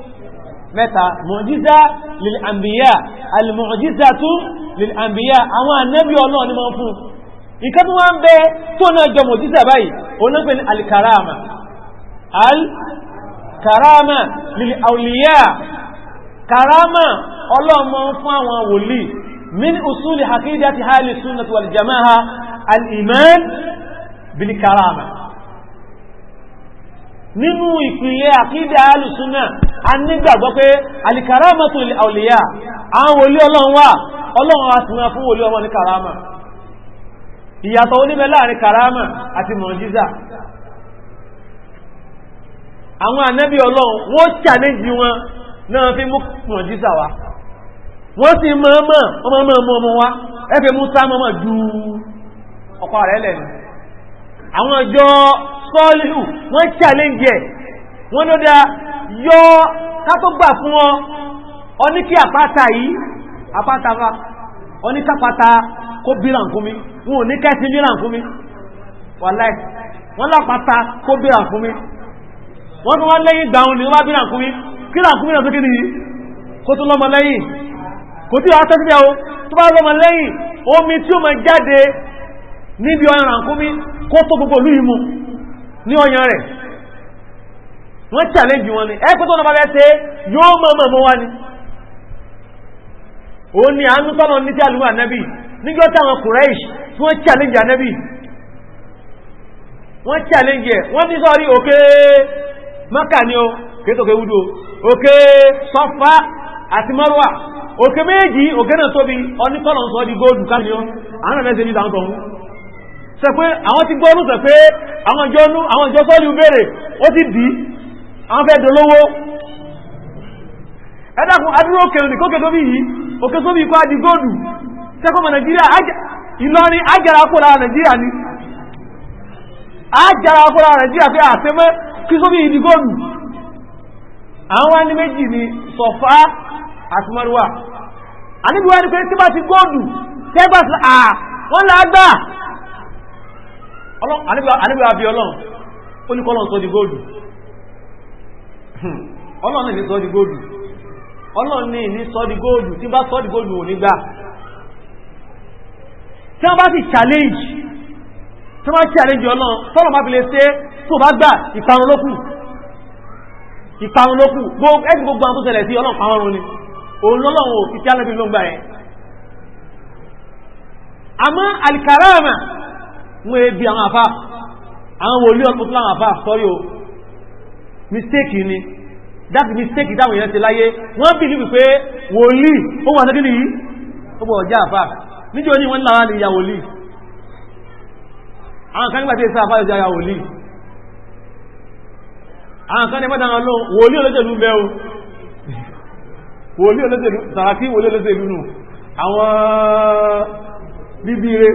mẹ́ta mọ̀jíza lil anbiya alìmọ̀jíza tú lil anbiya àwọn ànábì ọlọ́run ni wọ́n fún ìkan tó wọ́n bẹ tó náà jọ mọ̀jíza báyìí onípe ni alikarama alikarama lil karama ọlọ́run mọ́ fún àwọn wòlíì min usuli hakidati hali sunnati wal jamaha al iman bil karama nínú ìpìlẹ̀ àkídà alùsúnà a nígbàgbọ́ pé alìkàrámàtù àwòlìyà àwọn wòlí ọlọ́run wà ọlọ́run a sì máa fún wòlí ọmọ ní kàrámà ìyàtọ̀ oníbẹ̀ láàrin kàrámà àti mọ̀jíza àwọn ànábì ọlọ́run wọ́n fi wa ẹgbẹ̀ ju sọ́ọ̀lù wọ́n challenge ẹ̀ wọ́n ló dá yọ kátógbà fún ọ ọní kí àpáta yìí àpáta fa ọní kápáta kó bí ràǹkúmi wọn ò ní kẹ́sí bí ràǹkúmi wàláì wọ́n lápáta kó bí ràǹkúmi wọ́n tún wọ́n lẹ́yìn gbàun ni wọ́n bá bí ràǹkúmi kí ràǹkúmi náà tó kí nkumi kó tún lọ́mọ lẹ́yìn kò tí wọ́n tẹ́sí ẹ̀wọ́ tó bá lọ́mọ lẹ́yìn omi tí ó máa jáde níbi ọyàn ràǹkúmi kó tó gbogbo olú yìí mu ní ọyàn rẹ̀ wọ́n challenge wọn ni ẹ́kùn tó lọ́pàá bẹ́ẹ̀ tẹ́ yóò mọ́mọ̀ mọ́ wá ní o ní àánú tọ́nà ní tí àlúwà nẹ́bì níjọ́ táwọn tí wọ́n challenge ànẹ́bì wọ́n challenge ẹ̀ wọ́n ní sọ́rí òkè Mẹ́kà ni o kétòkè wúdó òkè Sọ́fà àti Marwa òkè méjì òkè náà tóbi ọ sẹ pé àwọn ti gbọ́nú sẹ pé àwọn ìjọ́nú àwọn ìjọ sọ́lù bèèrè ó ti dì àwọn fẹ́ dolówó ẹ̀dàkùn adúró òkèrè ní kókè tóbi yìí òkè tóbi ikọ́ adi góòdù sẹ́kọ̀mọ̀ nàìjíríà ìlọrin ájára kó lára nàìjíríà ni ájára kó lára nàìjíríà pé àtẹ́mẹ́ kí tóbi ìdí góòdù àwọn ẹni méjì ni sọ̀fá àti mọ́rúwà àníbi wọ́n ni pé tí bá ti góòdù tẹ́gbà sí à wọ́n lágbà àníbí àbí ọlọ́run ó ní kọ́lọ́n sọ di góòlù ọlọ́run ní sọ di góòlù ọlọ́run ní ní sọ di góòlù tí bá sọ di góòlù ò nígbà tí wọ́n bá sì challenge tí wọ́n bá challenge ọlọ́run tọ́lọ̀ bá fi lè ṣe tó bá gbà ìparun lókù ìparun lókù ẹgbẹ̀ gbogbo àwọn tó tẹ̀lẹ̀ sí ọlọ́run parun ni òun lọ́lọ́run ò fi challenge ló ń gbà yẹn àmọ́ alikarama wọ́n ebi àwọn àfá àwọn wòlíọ̀ ọ̀pọ̀tọ́ àwọn àfá sọ́rí o mistake ni that mistake dáwọn èèyàn ti láyé wọ́n bí ní wípé wòlíì ó wà ní yìí ó bọ̀ ọjá àfá níjọ́ ní wọ́n lára ní ìyà wòlíì àwọn kan nígbàtí ìsá àfá ìjà wòlíì àwọn kan nígbàtí àwọn lóhun wòlíì olóṣèlú bẹ́ o olóṣèlú nù àwọn bíbí rẹ̀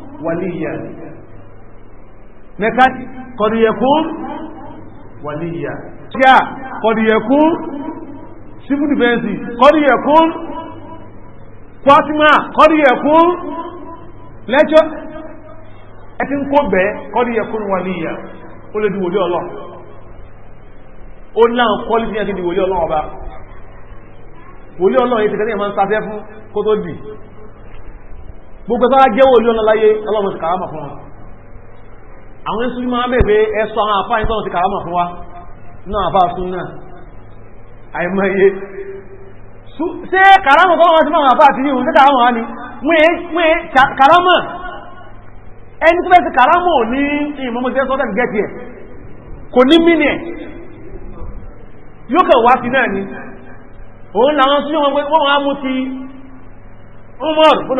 waliya mekan qad yakun waliya ya qad yakun civil defense qad yakun fatima qad yakun lejo etin ko be qad yakun waliya ó lè di wòlíì o ó láwọn quality ti di ọba wòlíì Ọlọ́run ti kẹ́lẹ́ ìmọ̀ ń sáfẹ́ fún kó tó gbogbo ẹgbẹ́ ajẹ́wò ilé ọ̀nà láyé ọlọ́run ti kàrámà fún wa àwọn ẹ̀sùn máa bẹ̀bẹ̀ ẹ̀sọ àwọn àfáàyìn tọ́nà ti kàrámà fún wa náà bá sún náà àìmọye ṣé kàrámà tọ́nà wọn ti máa àfáà ti yíhun ṣé ni wọ́n kàrámà ẹni tó fẹ́ ti kàrámà ò ní ìmọ̀mọ́sílẹ̀ sọ́tẹ̀ gẹ̀ẹ́tì ẹ̀ kò ni òun làwọn sí wọn wọ́n wọ́n mú ti Umar bin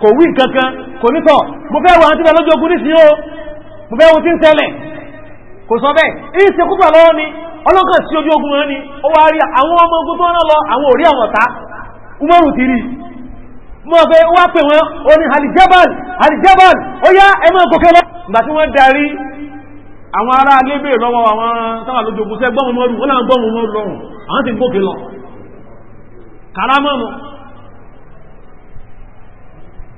kò wí kankan kò nítọ̀ mo fẹ́ wọ́n tí lọ́jọ́ ogun nísìnyí o mo fẹ́ wọ́n tí ń tẹ́lẹ̀ kò sọ bẹ́ẹ̀ èyí lọ́wọ́ ni ọlọ́kàn sí ojú ogun wọn ni ó wá rí ọmọ ogun lọ àwọn òrí àwọn ọ̀tá umaru ti rí wá pè wọ́n ó ní ó yá ẹ máa lọ ìgbà tí wọ́n darí àwọn ará lọ́wọ́ àwọn lójú ogun sẹ́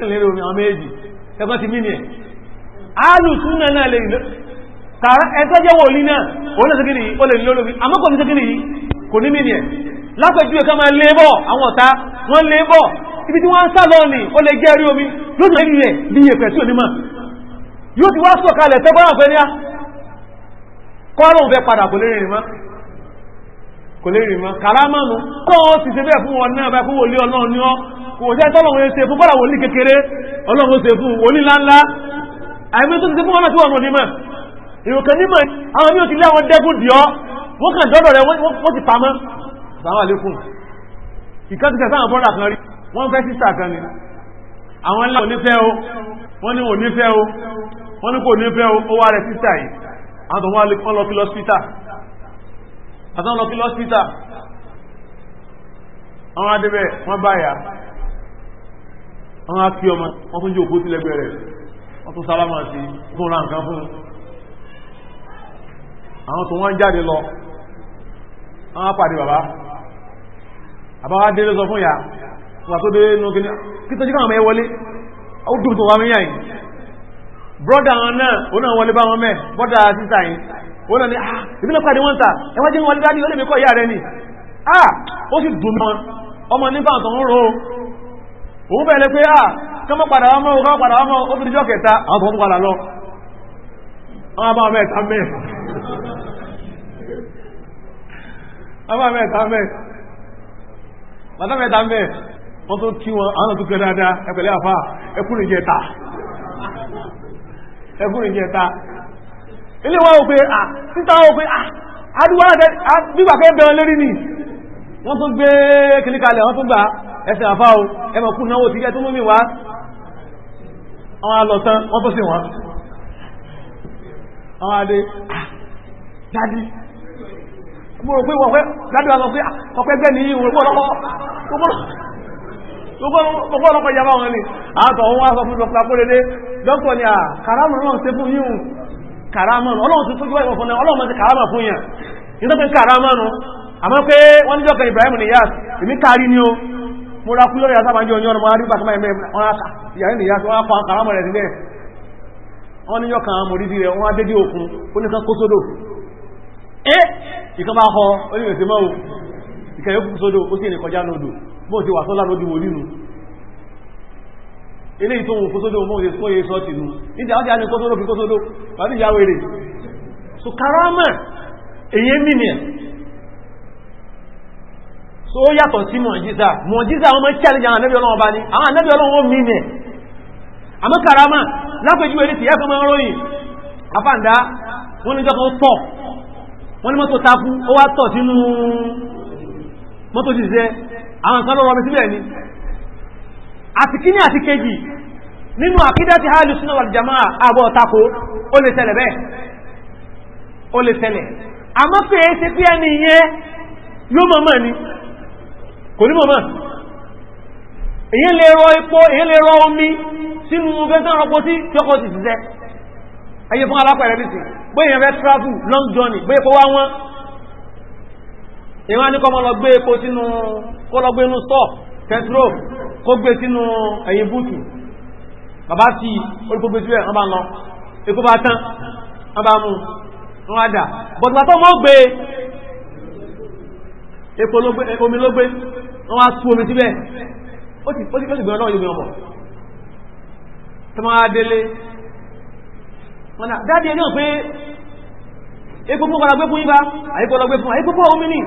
wọ́n lè ròyìn àwọn méjì ẹgbọ́n ti mímí ẹ̀ alùsúnà náà lè tààrà ẹgbẹ́ jẹ́ wòlí náà òun náà sẹ́gìrì ó lè lórí àmọ́kọ̀ ní sẹ́gìrì yìí kò ní mímí ẹ̀ lápẹjú ẹ̀ká máa lé bọ́ àwọn ọ̀tá wọ́n lé bọ́ ibi tí wọ́n ń sá lọ ní ó lè jẹ́ rí omi lóṣù ẹ̀rí rẹ̀ bí ẹ̀pẹ̀ sí onímọ̀ yóò ti wá sọ̀kalẹ̀ tẹ́gbọ́n àfẹ́ ní á kọ́ kò lè rí mọ́ kàrámọ́nù tó ó ti ṣe bẹ́ẹ̀ fún wọn náà bẹ́ẹ̀ fún wòlí ọlọ́run ní ọ́ kò jẹ́ tọ́lọ̀wọ́ ṣe fún bọ́lá wòlí kékeré ọlọ́run ṣe fún wòlí ńláńlá àìmí tó ti ṣe fún wọn tí wọn onímọ̀ ìrùkàn nímọ̀ àwọn mí ò ti lé àwọn dẹ́gùn dìọ́ wọ́n kàn dọ́dọ̀ rẹ̀ wọ́n ti pamọ́ ni àwọn ńlá onífẹ́ o wọ́n ní onífẹ́ o wọ́n lọ àtàwọn lọ sí lọ́sítà àwọn adébẹ̀ wọ́n báyà wọ́n á kí ọmọ wọ́n tún jẹ́ òkú sí lẹ́gbẹ̀ẹ́ rẹ̀ wọ́n tún sálámà sí fún ra nǹkan fún àwọn tó wọ́n jáde lọ wọ́n á pàdé bàbá àbáwá délé sọ fún ìyá wà tó dé nù kí ní kí tó jí káwọn mẹ́ wọlé ó dùn tó wà mí yàn yìí brọ́dà wọn náà ó náà wọlé bá wọn mẹ́ brọ́dà sísà yìí wọ́n ni ah ìbínú pàdé wọ́n ta ẹwà jẹ́ wọn dáadé olè mẹ́kọ́ ìyá rẹ̀ ni ah ó sì dùn ọmọ nípa ah, ọmọ wọ́n tó kí wọn àwọn tó kẹ dáadáa àfá jẹta ilé wọ́n wọ́n pé ah, títà ó pé àdúwà gbígbà pé bẹ̀rẹ̀ lérí ni wọ́n tó gbé kìlíkalẹ̀ wọ́n tó gbà ẹsẹ̀ àfá o ẹmọ̀ kú náwó ti jẹ́ tó múmi wá àwọn alọ̀tán wọ́n tó sì wọ́n àwọn adé ah, dádí mo rò pé wọ́n pẹ́ dádí wa lọ pé ah, ọpẹ́ gbẹ́ nìyí wọ́n gbogbo ọlọ́pọ̀ ìyàwó àwọn ni àtọ̀ wọn wá sọ fún kàrámọ̀nù ọlọ́run ti tójú ẹ̀wọ̀n fún náà ọlọ́run ti kàrámọ̀ fún yàn ní tó fi kàrámọ̀nù àmọ́ pé wọ́n níjọ́ kan Ibrahim Niyas èmi kárí ni ó mo ra kú lórí asábàájú ọyọ́ ọmọ arígbà tó máa ẹ̀mẹ́ ìyàrí Niyas wọ́n fa kàrámọ̀ rẹ̀ sílẹ̀ wọ́n ilé ìtò òun kósódó mọ́ òun kó yé sọ́ ti nù níta ọjà ní kósódó fi kósódó tàbí ìyàwó èrè so karama èyẹ nìyẹn so ó yàtọ̀ sí mọ̀jíza mọ̀jíza ọmọ tí àlejò àwọn anẹ́bí ọlọ́wọ́ bá ní àwọn anẹ́bí ọlọ́wọ́ mí nẹ̀ àmọ́ karama lápẹjú eré ti yẹ́kọ́ máa ròyìn afáǹdá wọ́n ní jọ́ kan tọ̀ wọ́n ní mọ́tò tapu ó wá tọ̀ sínú mọ́tò jíṣẹ́ àwọn kan lọ́wọ́ àti kíní àti kejì nínú àkídá ti hálù súnà wal jamaa àbọ̀ ọ̀tako ó lè tẹ̀lẹ̀ bẹ́ẹ̀ ó lè tẹ̀lẹ̀ àmọ́ pé é ṣe pé ẹni yẹn yóò mọ̀mọ̀ ni kò ní mọ̀mọ̀ èyí lè rọ epo èyí lè rọ omi sínú gẹ́gẹ́ ọkọ̀ tí tíọ́kọ̀ ti ṣiṣẹ́ ẹyẹ fún alápẹ̀rẹ̀ long journey bóyẹ̀ fọ́ wá wọ́n ìwọ́n ní kọ́ mọ́ lọ gbé epo sínú kó lọ inú store petrol kó gbé sínú ẹ̀yìn búùtù bàbá tí olùgbogbo síbẹ̀ wọ́n bá lọ ikú bá tán wọ́n bá mú wọ́n wá dà bọ̀dùbà tó mọ́ gbé epo omi ló gbé wọ́n wá tú omi síbẹ̀ ó ti ó ti fẹ́ ṣùgbọ́n náà yóò gbìyànjọ́ tó máa délé wọ́n náà dáadé náà pé epo mú kọ́ra fún yín àyíkọ́ lọ gbé fún àyíkọ́ omi ní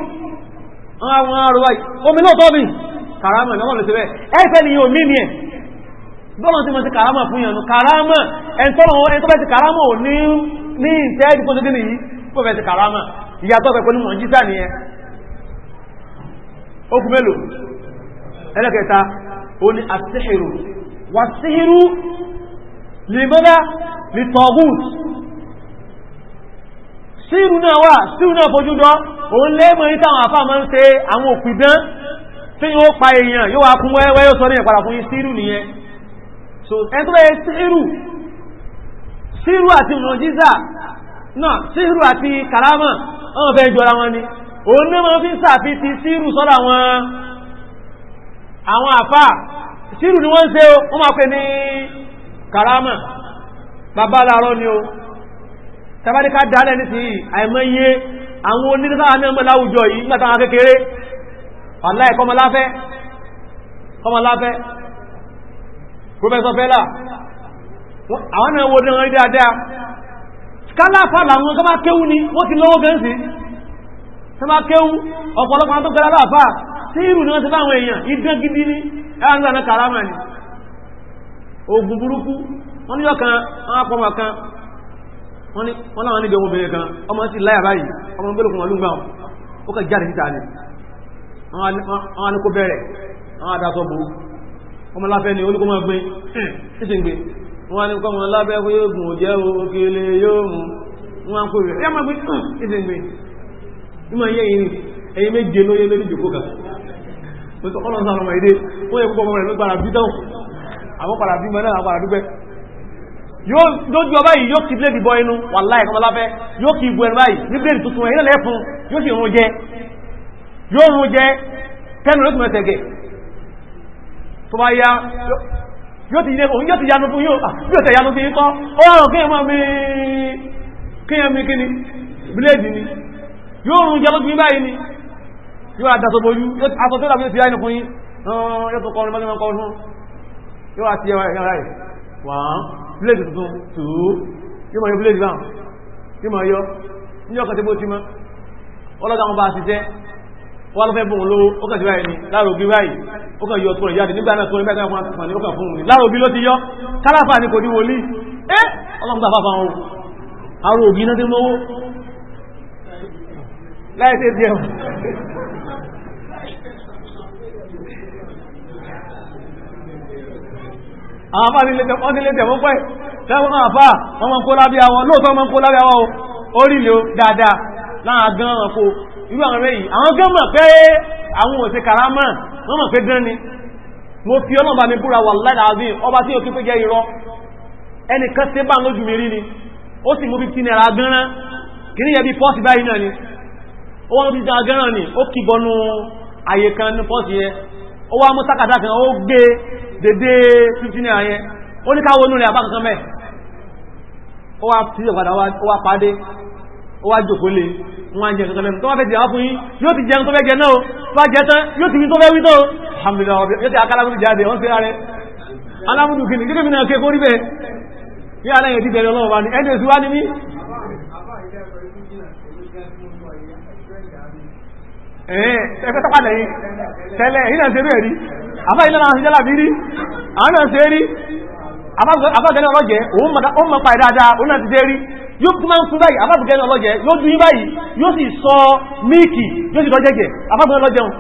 àwọn arọ̀wá omi lóòtọ́ karama ní ọlọ́run ti bẹ́ ẹ̀fẹ́ ni yóò mímí ẹ̀ bọ́lọ̀ tí mo ti karama fún yànú karama ẹ̀ntọ́bẹ̀ ti karama ò ní ní ìtẹ́ ìdíkò tó dínì yìí kó fẹ́ ti karama ìyàtọ̀ pẹ̀ pẹ̀lú mọ̀jísà ni ẹ okùn mélòó ẹlẹ́kẹta ó ní àtíhìrù wà síhìrù lèmọ́dá lè tọ̀gùt síhìrù náà wà síhìrù náà fojú dọ́ òun lẹ́mọ̀ ní táwọn àfáà máa ń ṣe àwọn òpìdán tí yóò pa èèyàn yóò wá kún wẹ́wẹ́ yóò sọ ní ìpadà fún ìsírù nìyẹn so ẹni tó bẹ́ẹ̀ sírù sírù àti mọ̀jíza náà sírù àti kàlámà wọ́n fẹ́ jọra wọn ni òun náà máa fi ń sàfi ti sírù sọ́dọ̀ àwọn àwọn àfà sírù ni wọ́n ń ṣe o wọ́n máa pè ní kàlámà bàbá làárọ̀ ni o tàbádìká dálẹ̀ nísìnyí àìmọye àwọn onídàá náà mọ̀ láwùjọ yìí nígbà táwọn kékeré wàláì kọmọláfẹ́ kọmọláfẹ́ professor fela àwọn náà wo dán dáadáa kálàfà làwọn tó bá kéwú ni wọ́n ti lọ́wọ́ gan sí tó bá kéwú ọ̀pọ̀lọpọ̀ tó kẹrẹ ni wọ́n ti fáwọn èèyàn idán gidi ni ogun burúkú wọ́n ní ọkàn wọ́n apọ̀mọ̀ kan wọ́n ni àwọn aníkó bẹ̀rẹ̀ àwọn àdásọ bú ọmọ láfẹ́ ni olùkọ́ máa gbin ṣíṣẹ́ hmm, gbé wọ́n ní kọ́ mọ̀ lábẹ́ kó yóò gùn òjẹ́ òkèlè yóò mú wọ́n ń kó rẹ̀ yá máa gbin ṣíṣẹ́ gbé hmm, ìmọ̀ yẹ́ yìí ẹ̀yẹ méje lóyé lórí jòkó kan ọlọ́run sáà lọ́mọ èdè ó yẹ púpọ̀ rẹ̀ ló gbára bí tán àwọn padà bí mọ́ náà padà dúpẹ́ yóò lójú ọba yìí yóò ti blade bọ inú wà láì kọ́mọláfẹ́ yóò kí ibu ẹnu báyìí ní blade tuntun ẹ̀ yóò lẹ́fun yóò sì rún jẹ yóò mú jẹ tẹ́nu ló túnmọ̀ tẹ́gẹ̀ tó bá yá yóò ti yánu fún ah, yóò tẹ̀ yánu fún yíkọ́ ó rọrùn kí ẹmọ́ mi kí ẹmí kí ni bíléèdì ni yóò rún jẹ lókùn báyìí ni yóò àdásọ̀bọ̀jú aṣọ tó dàbí ti yánu fún yí yóò tó kọrin mọ́lẹ́mọ́ kọrin fún yóò àti ẹwà ẹ̀yà rẹ̀ wọ́n bíléèdì tuntun tùú yóò mọ̀ yọ bíléèdì báwọn yóò mọ̀ yọ ní ọkọ̀ tí bó ti mọ́ ọlọ́dà wọn bá ti jẹ́ wọ́n fẹ́ bùn lówó ó kàn sí báyìí láàròbí báyìí ó kàn yọ ọ̀tún ìyáde nígbà náà tó nígbà náà fún ó kàn fún un láàròbí ló ti yọ kálàfà ní kò ní wòlí ẹ́ ọlọ́mùtà fàfà wọn arò ògì náà tí mọ́wó láìsẹ́ tí ẹwà àwọn afá nílé tẹ̀ fún pẹ́ tẹ́wọ́n àfá wọ́n mọ́ kó lábí àwọn lóòtọ́ mọ́ kó lábí àwọn orílẹ̀ dáadáa láàgán ọkọ̀ irú àwọn rẹ̀ yìí àwọn gán mọ̀ pé àwọn òsè karama wọ́n mọ̀ pé dán ni mo fi ọlọ́ba mi búra wà láìláàbí ọba tí òkú pé jẹ́ irọ́ ẹnìkan ṣe bá lójú mi rí ni ó sì mú bí tí nẹ̀ra gánran kì ní yẹ bí pọ́ọ̀sì báyìí náà ni ó wọ́n ti dáa gánran ni ó kì bọnu àyè kan ní pọ́ọ̀sì yẹn ó wá mú sákàtà kan ó gbé dédé fífí náà yẹn ó ní káwọn onúrin àbá kankan mẹ́ ó wá sí ìpadà ó wá wọ́n á jẹ kankan lẹ́nu tó wọ́n fẹ́ jẹ wá fún yín yóò ti jẹun tó fẹ́ jẹ náà tó jẹ tán yóò ti wí tó fẹ́ wí tó alhamdulillah yóò ti akálámúdù jáde wọ́n sí ààrẹ alámúdù kìnnì gẹ́gẹ́ mi náà ké kó rí bẹ́ẹ̀ yí aláyẹ̀ ti bẹ̀rẹ̀ ọlọ́wọ́ bá ní ẹni èsù wá ní mí ẹ̀fẹ́ tọ́pàdà yìí tẹ́lẹ̀ yìí náà ṣe rú ẹ̀rí àbá ilẹ̀ náà ṣiṣẹ́ làbí rí àwọn náà ṣe rí àbá gẹ́lẹ́ ọlọ́jẹ́ òun mọ̀ pa ìdáadáa òun yóò tún máa ń fún báyìí àbábùgẹ́ náà lọ́jẹ́ yóò dún yí báyìí yóò sì sọ míìkì yóò sì lọ́jẹ́jẹ́ àbábùgẹ́ lọ́jẹun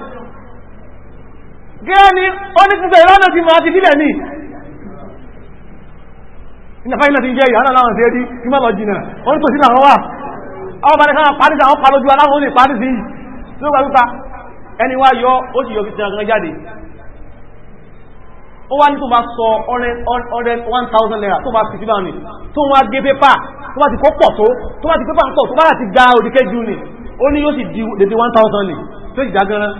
gẹ́rẹ́ ni ó ní títẹ̀ ìlànà ti máa ti sílẹ̀ ní ìnàfáìnà ti jẹ́ ìyànà ó wá ní tó bá sọ ọrẹ 1000 naira tó bá sì síbà ní tó wá gé pépà tó bá ti kọ́ pọ̀ tó tó bá ti pépà ń pọ̀ tó bá láti gba òdìkẹ́jú ni ó ní yóò sì di dédé 1000 ni tó sì dágánrán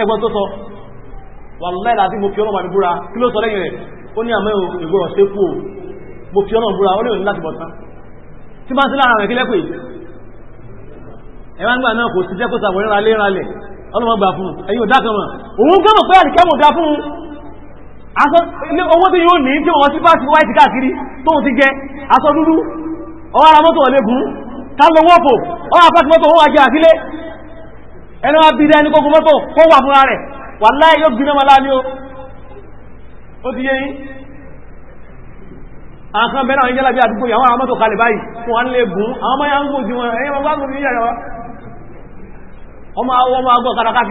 ẹgbọ́n tó sọ wàláì láti mo fi ọlọ́mà níbúra kí ló sọ lẹ́yìn rẹ̀ ó ní àmọ́ ìgbọ́rọ̀ ṣe kú o mo fi ọlọ́mà búra ó ní òní láti bọ̀tán tí máa ń sí lára rẹ̀ kí lẹ́pẹ̀ ẹ̀wọ́n gbà náà kò sí jẹ́ kó sàwọ̀ rẹ̀ rálẹ̀ rálẹ̀ ọlọ́mà gbà fún ẹ̀yìn ò dákan mọ̀ òun gbà mọ̀ pé àdìkẹ́ mọ̀ dá fún owó tí yóò ní tí wọ́n ti bá ti wáìtì káàkiri tó jẹ aṣọ dúdú ọwọ́ ara mọ́tò ọ̀lẹ́ gùn kálọ wọ́pò ọwọ́ afẹ́kì mọ́tò wọ́n wà àkílé ẹni wá bí ẹni kókó mọ́tò kó wà fúnra rẹ̀ wà láì yóò ó ti yé àkan àdúgbò yàwọn àwọn mọ́tò kalẹ̀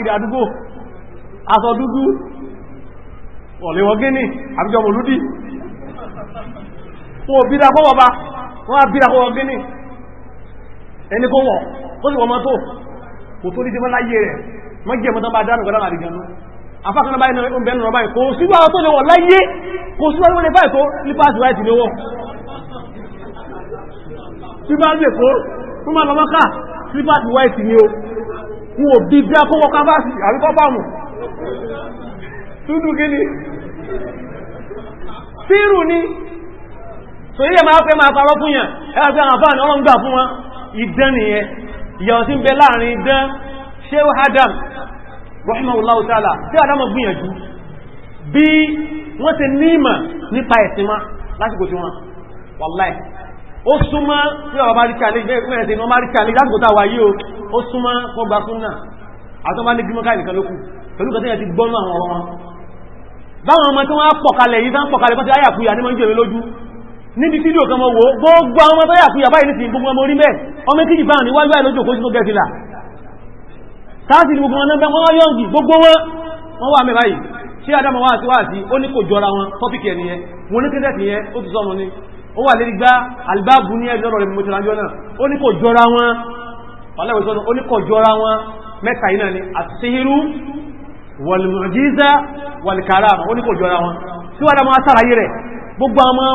báyìí ọ̀lẹ́wọ̀n gíní àbíjọ mọ̀lúdí wọn ò bíra fọ́wọ́ bá wọ́n á bíra fọ́wọ́ gíní ẹni kó wọ̀ ó sì wọ́n mọ́tò kò tó dídí mọ́láyé rẹ̀ wọ́n jẹ́ mọ́tán bá dánù gọ́dá àdìjànú afákan báyìí náà ń bẹ̀rẹ̀ báyìí kò síwá tó lè wọ̀ láyé kò síwá tó lè báyìí tó lípáàsì láì tìlówọ́ tí bá lè kó fún ma lọ́mọ́ká lípáàsì wáìtì ni ó wọn ò bí bí akọ́wọ́ káfáàsì àríkọ́ fáàmù tudu gini ni ni so yíyẹ máa fẹ́ máa parọ́ fún yàn ẹgbẹ́ fẹ́ àǹfà ní ọlọ́ngbà fún wọn ìdán nìyẹn ìyàwó sí ń bẹ láàrin ìdán adam rahimahullahu ta'ala tí adam gbìyànjú bí wọ́n ti nímọ̀ nípa ẹ̀sìn wọn lásìkò tí wọn wàláì ó súnmọ́ tí ọ̀rọ̀ bá rí kàlẹ́ ìgbẹ́gbẹ́ ẹ̀sìn wọn bá rí kàlẹ́ lásìkò táwà yìí ó súnmọ́ fọ́gbà ní lókù pẹ̀lú ti àwọn báwọn ọmọ tí wọ́n á pọ̀kalẹ̀ yìí tán pọ̀kalẹ̀ bọ́ ti ayàkúyà ní mọ́ jẹ́ lójú níbi tí ìlú ọ̀kan mọ́ wo gbogbo ọmọ tó yàkúyà báyìí nìsìn gbogbo ọmọ orí mẹ́ ọmọ kí ìbáhàn ní wájú àìlójú òkú sínú gẹ̀ẹ́sìlá sáàsì ní gbogbo ọmọ náà wọ́n yọ́ ǹgì gbogbo wọn wọ́n wà mẹ́bàáyì ṣé adámọ̀ wá sí wọ̀lùmọ̀jíza wọ̀lùkàràmà ó ní kò jọra wọn tí wọ́n dámọ́ asáráyé rẹ̀ gbogbo àwọn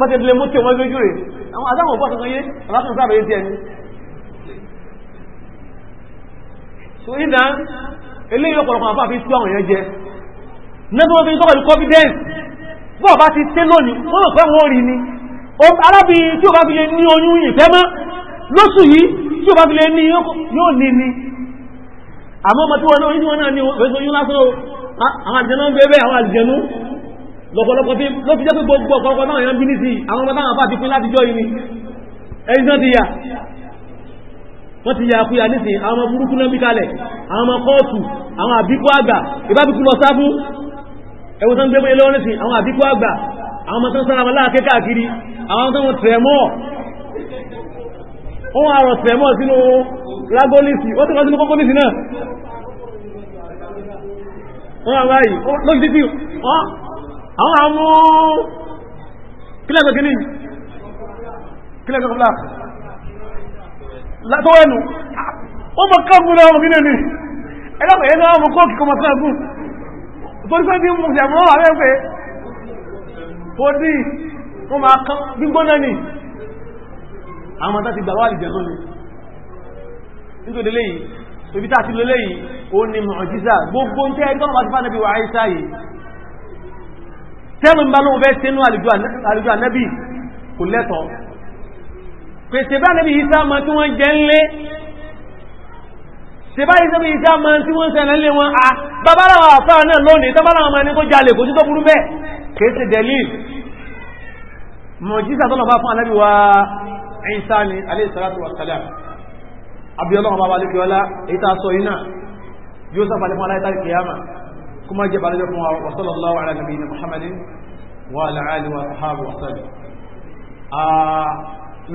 mọ́tẹ̀lẹ̀ mọ́tẹ̀ wọn lójú rẹ̀ àwọn adáwọn bọ́ sọ́sọ́ yé aláṣùn sáàrẹ̀ yé ẹni so ìdá eléyìí ọ̀pọ̀lọpọ̀ àpá fi tú àwọn èèyàn jẹ nẹ́bọ́n fi tọ́kọ̀ ní confidence bọ́ ọ̀bá ti tẹ́ lónìí wọ́n mọ̀ pé wọ́n rí ni arábìnrin tí ò bá fi lè lóṣù yìí tí ò bá fi lè ní yóò ní ni àmọ́ ọmọ tí wọ́n náà inú wọn náà ní oṣù yún lásán àwọn àjẹnú ń gbé bẹ́ẹ̀ àwọn àjẹnú lọ́pọ̀lọpọ̀ tí ló fi jẹ́ pé gbogbo ọ̀pọ̀lọpọ̀ náà yàn bí ní sí àwọn ọmọ táwọn bá ti pín láti jọ yìí ni ẹ̀yìn náà ti yà wọ́n ti yà àkúyà ní sí àwọn ọmọ burúkú náà bí kalẹ̀ àwọn ọmọ kóòtù àwọn àbíkú àgbà ìbábíkú lọ sáfún ẹwọ́n tán gbé mọ́ ilé wọn ní sí àwọn àbíkú àgbà àwọn ọmọ tán sára wọn láàkékàkiri àwọn tán wọn tẹ̀ mọ́ ó wà rọ̀ sẹ̀mọ́ sínú lágólìsì ó tẹ́kọ́ sínú kókólìsì náà wọ́n wà báyìí lójú títí àwọn àmú kílẹ̀kọ́ kíní kílẹ̀kọ́ kọ́lá látọ́wẹ́nu ó mọ̀ káàkùn náà mọ̀ kíní ẹlọ́pẹ̀ ẹ̀nà ọmọ kóòkì kọmọ káàkùn tó ní sọ́dí mú ṣàmọ́ àwẹ́ pé ó dí wọ́n máa kán gbígbóná ni àwọn tó ti gbà wà lìjẹ̀ lónìí nítorí léyìí ibi tá ti lé léyìí ó ní mọ̀jísà gbogbo ń tẹ́ ẹgbọ́n wáṣífà nẹ́bí wà áìsá yìí tẹ́mù bá lóun fẹ́ sínú àlùjọ ànẹ́bí kò lẹ́tọ̀ pèsè bá nẹ́bí ìsá mọ́ tí wọ́n jẹ́ ńlé sèbá yìí sẹ́bí ìsá mọ́ tí wọ́n sẹ́lẹ̀ lé wọn a babaláwa àfáà náà lónìí tó burú bá fún ànẹ́bí Ìsá ni alayhi salatu wa salam abiyọ́lọ́ ọmọ bá lókè ọlá èyí tá sọ iná yóò sáfà lè fún aláìtàrí kìyàmà kuma jẹ́ balẹ́jọ́ fún wa sallallahu ala nabiyina muhammadin wa ala alihi wa sahabu wasallam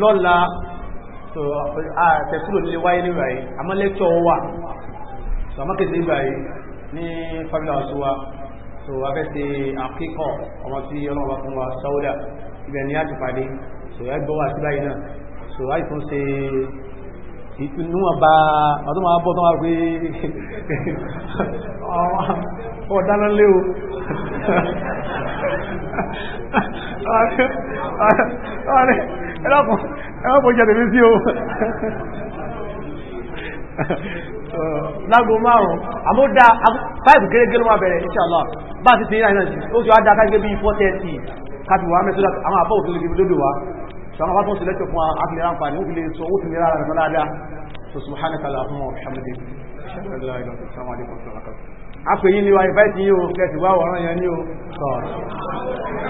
lọ́la so tẹ̀sílò nílé wáyé ní ìbáyé àmọ́ lẹ́kṣọ́ wà so àmọ́ kèsè ìbáyé ní family house wa so afẹ́ ọmọ tí ọlọ́wọ́ fún wa sáwọ́dà ibẹ̀ ni a ti pàdé so ẹgbọ́ sí báyìí náà so wáyé tún ṣe ìtùnúwọ̀nba ọdún máa bọ́ tó máa pé ọ̀dánálé o ẹlọ́pùn ẹlọ́pùn jẹ́ tèmi sí o oh, lágbo márùn-ún àmó dá 5 gẹ́gẹ́ ló máa bẹ̀rẹ̀ inshallah bá ti tẹ́yìn náà ó sì wá dá kájẹ́ bí 430 káàkiri wà mẹ́sọ́lá àwọn àpọ̀ òtún lè gbé lódò wá sọ́nà wá tó sì lẹ́tọ̀ fún àfihàn àǹfààní ó fi lè sọ ó fi lera rẹ̀ dáadáa so subhanaka allahumma wa bihamdika ashhadu an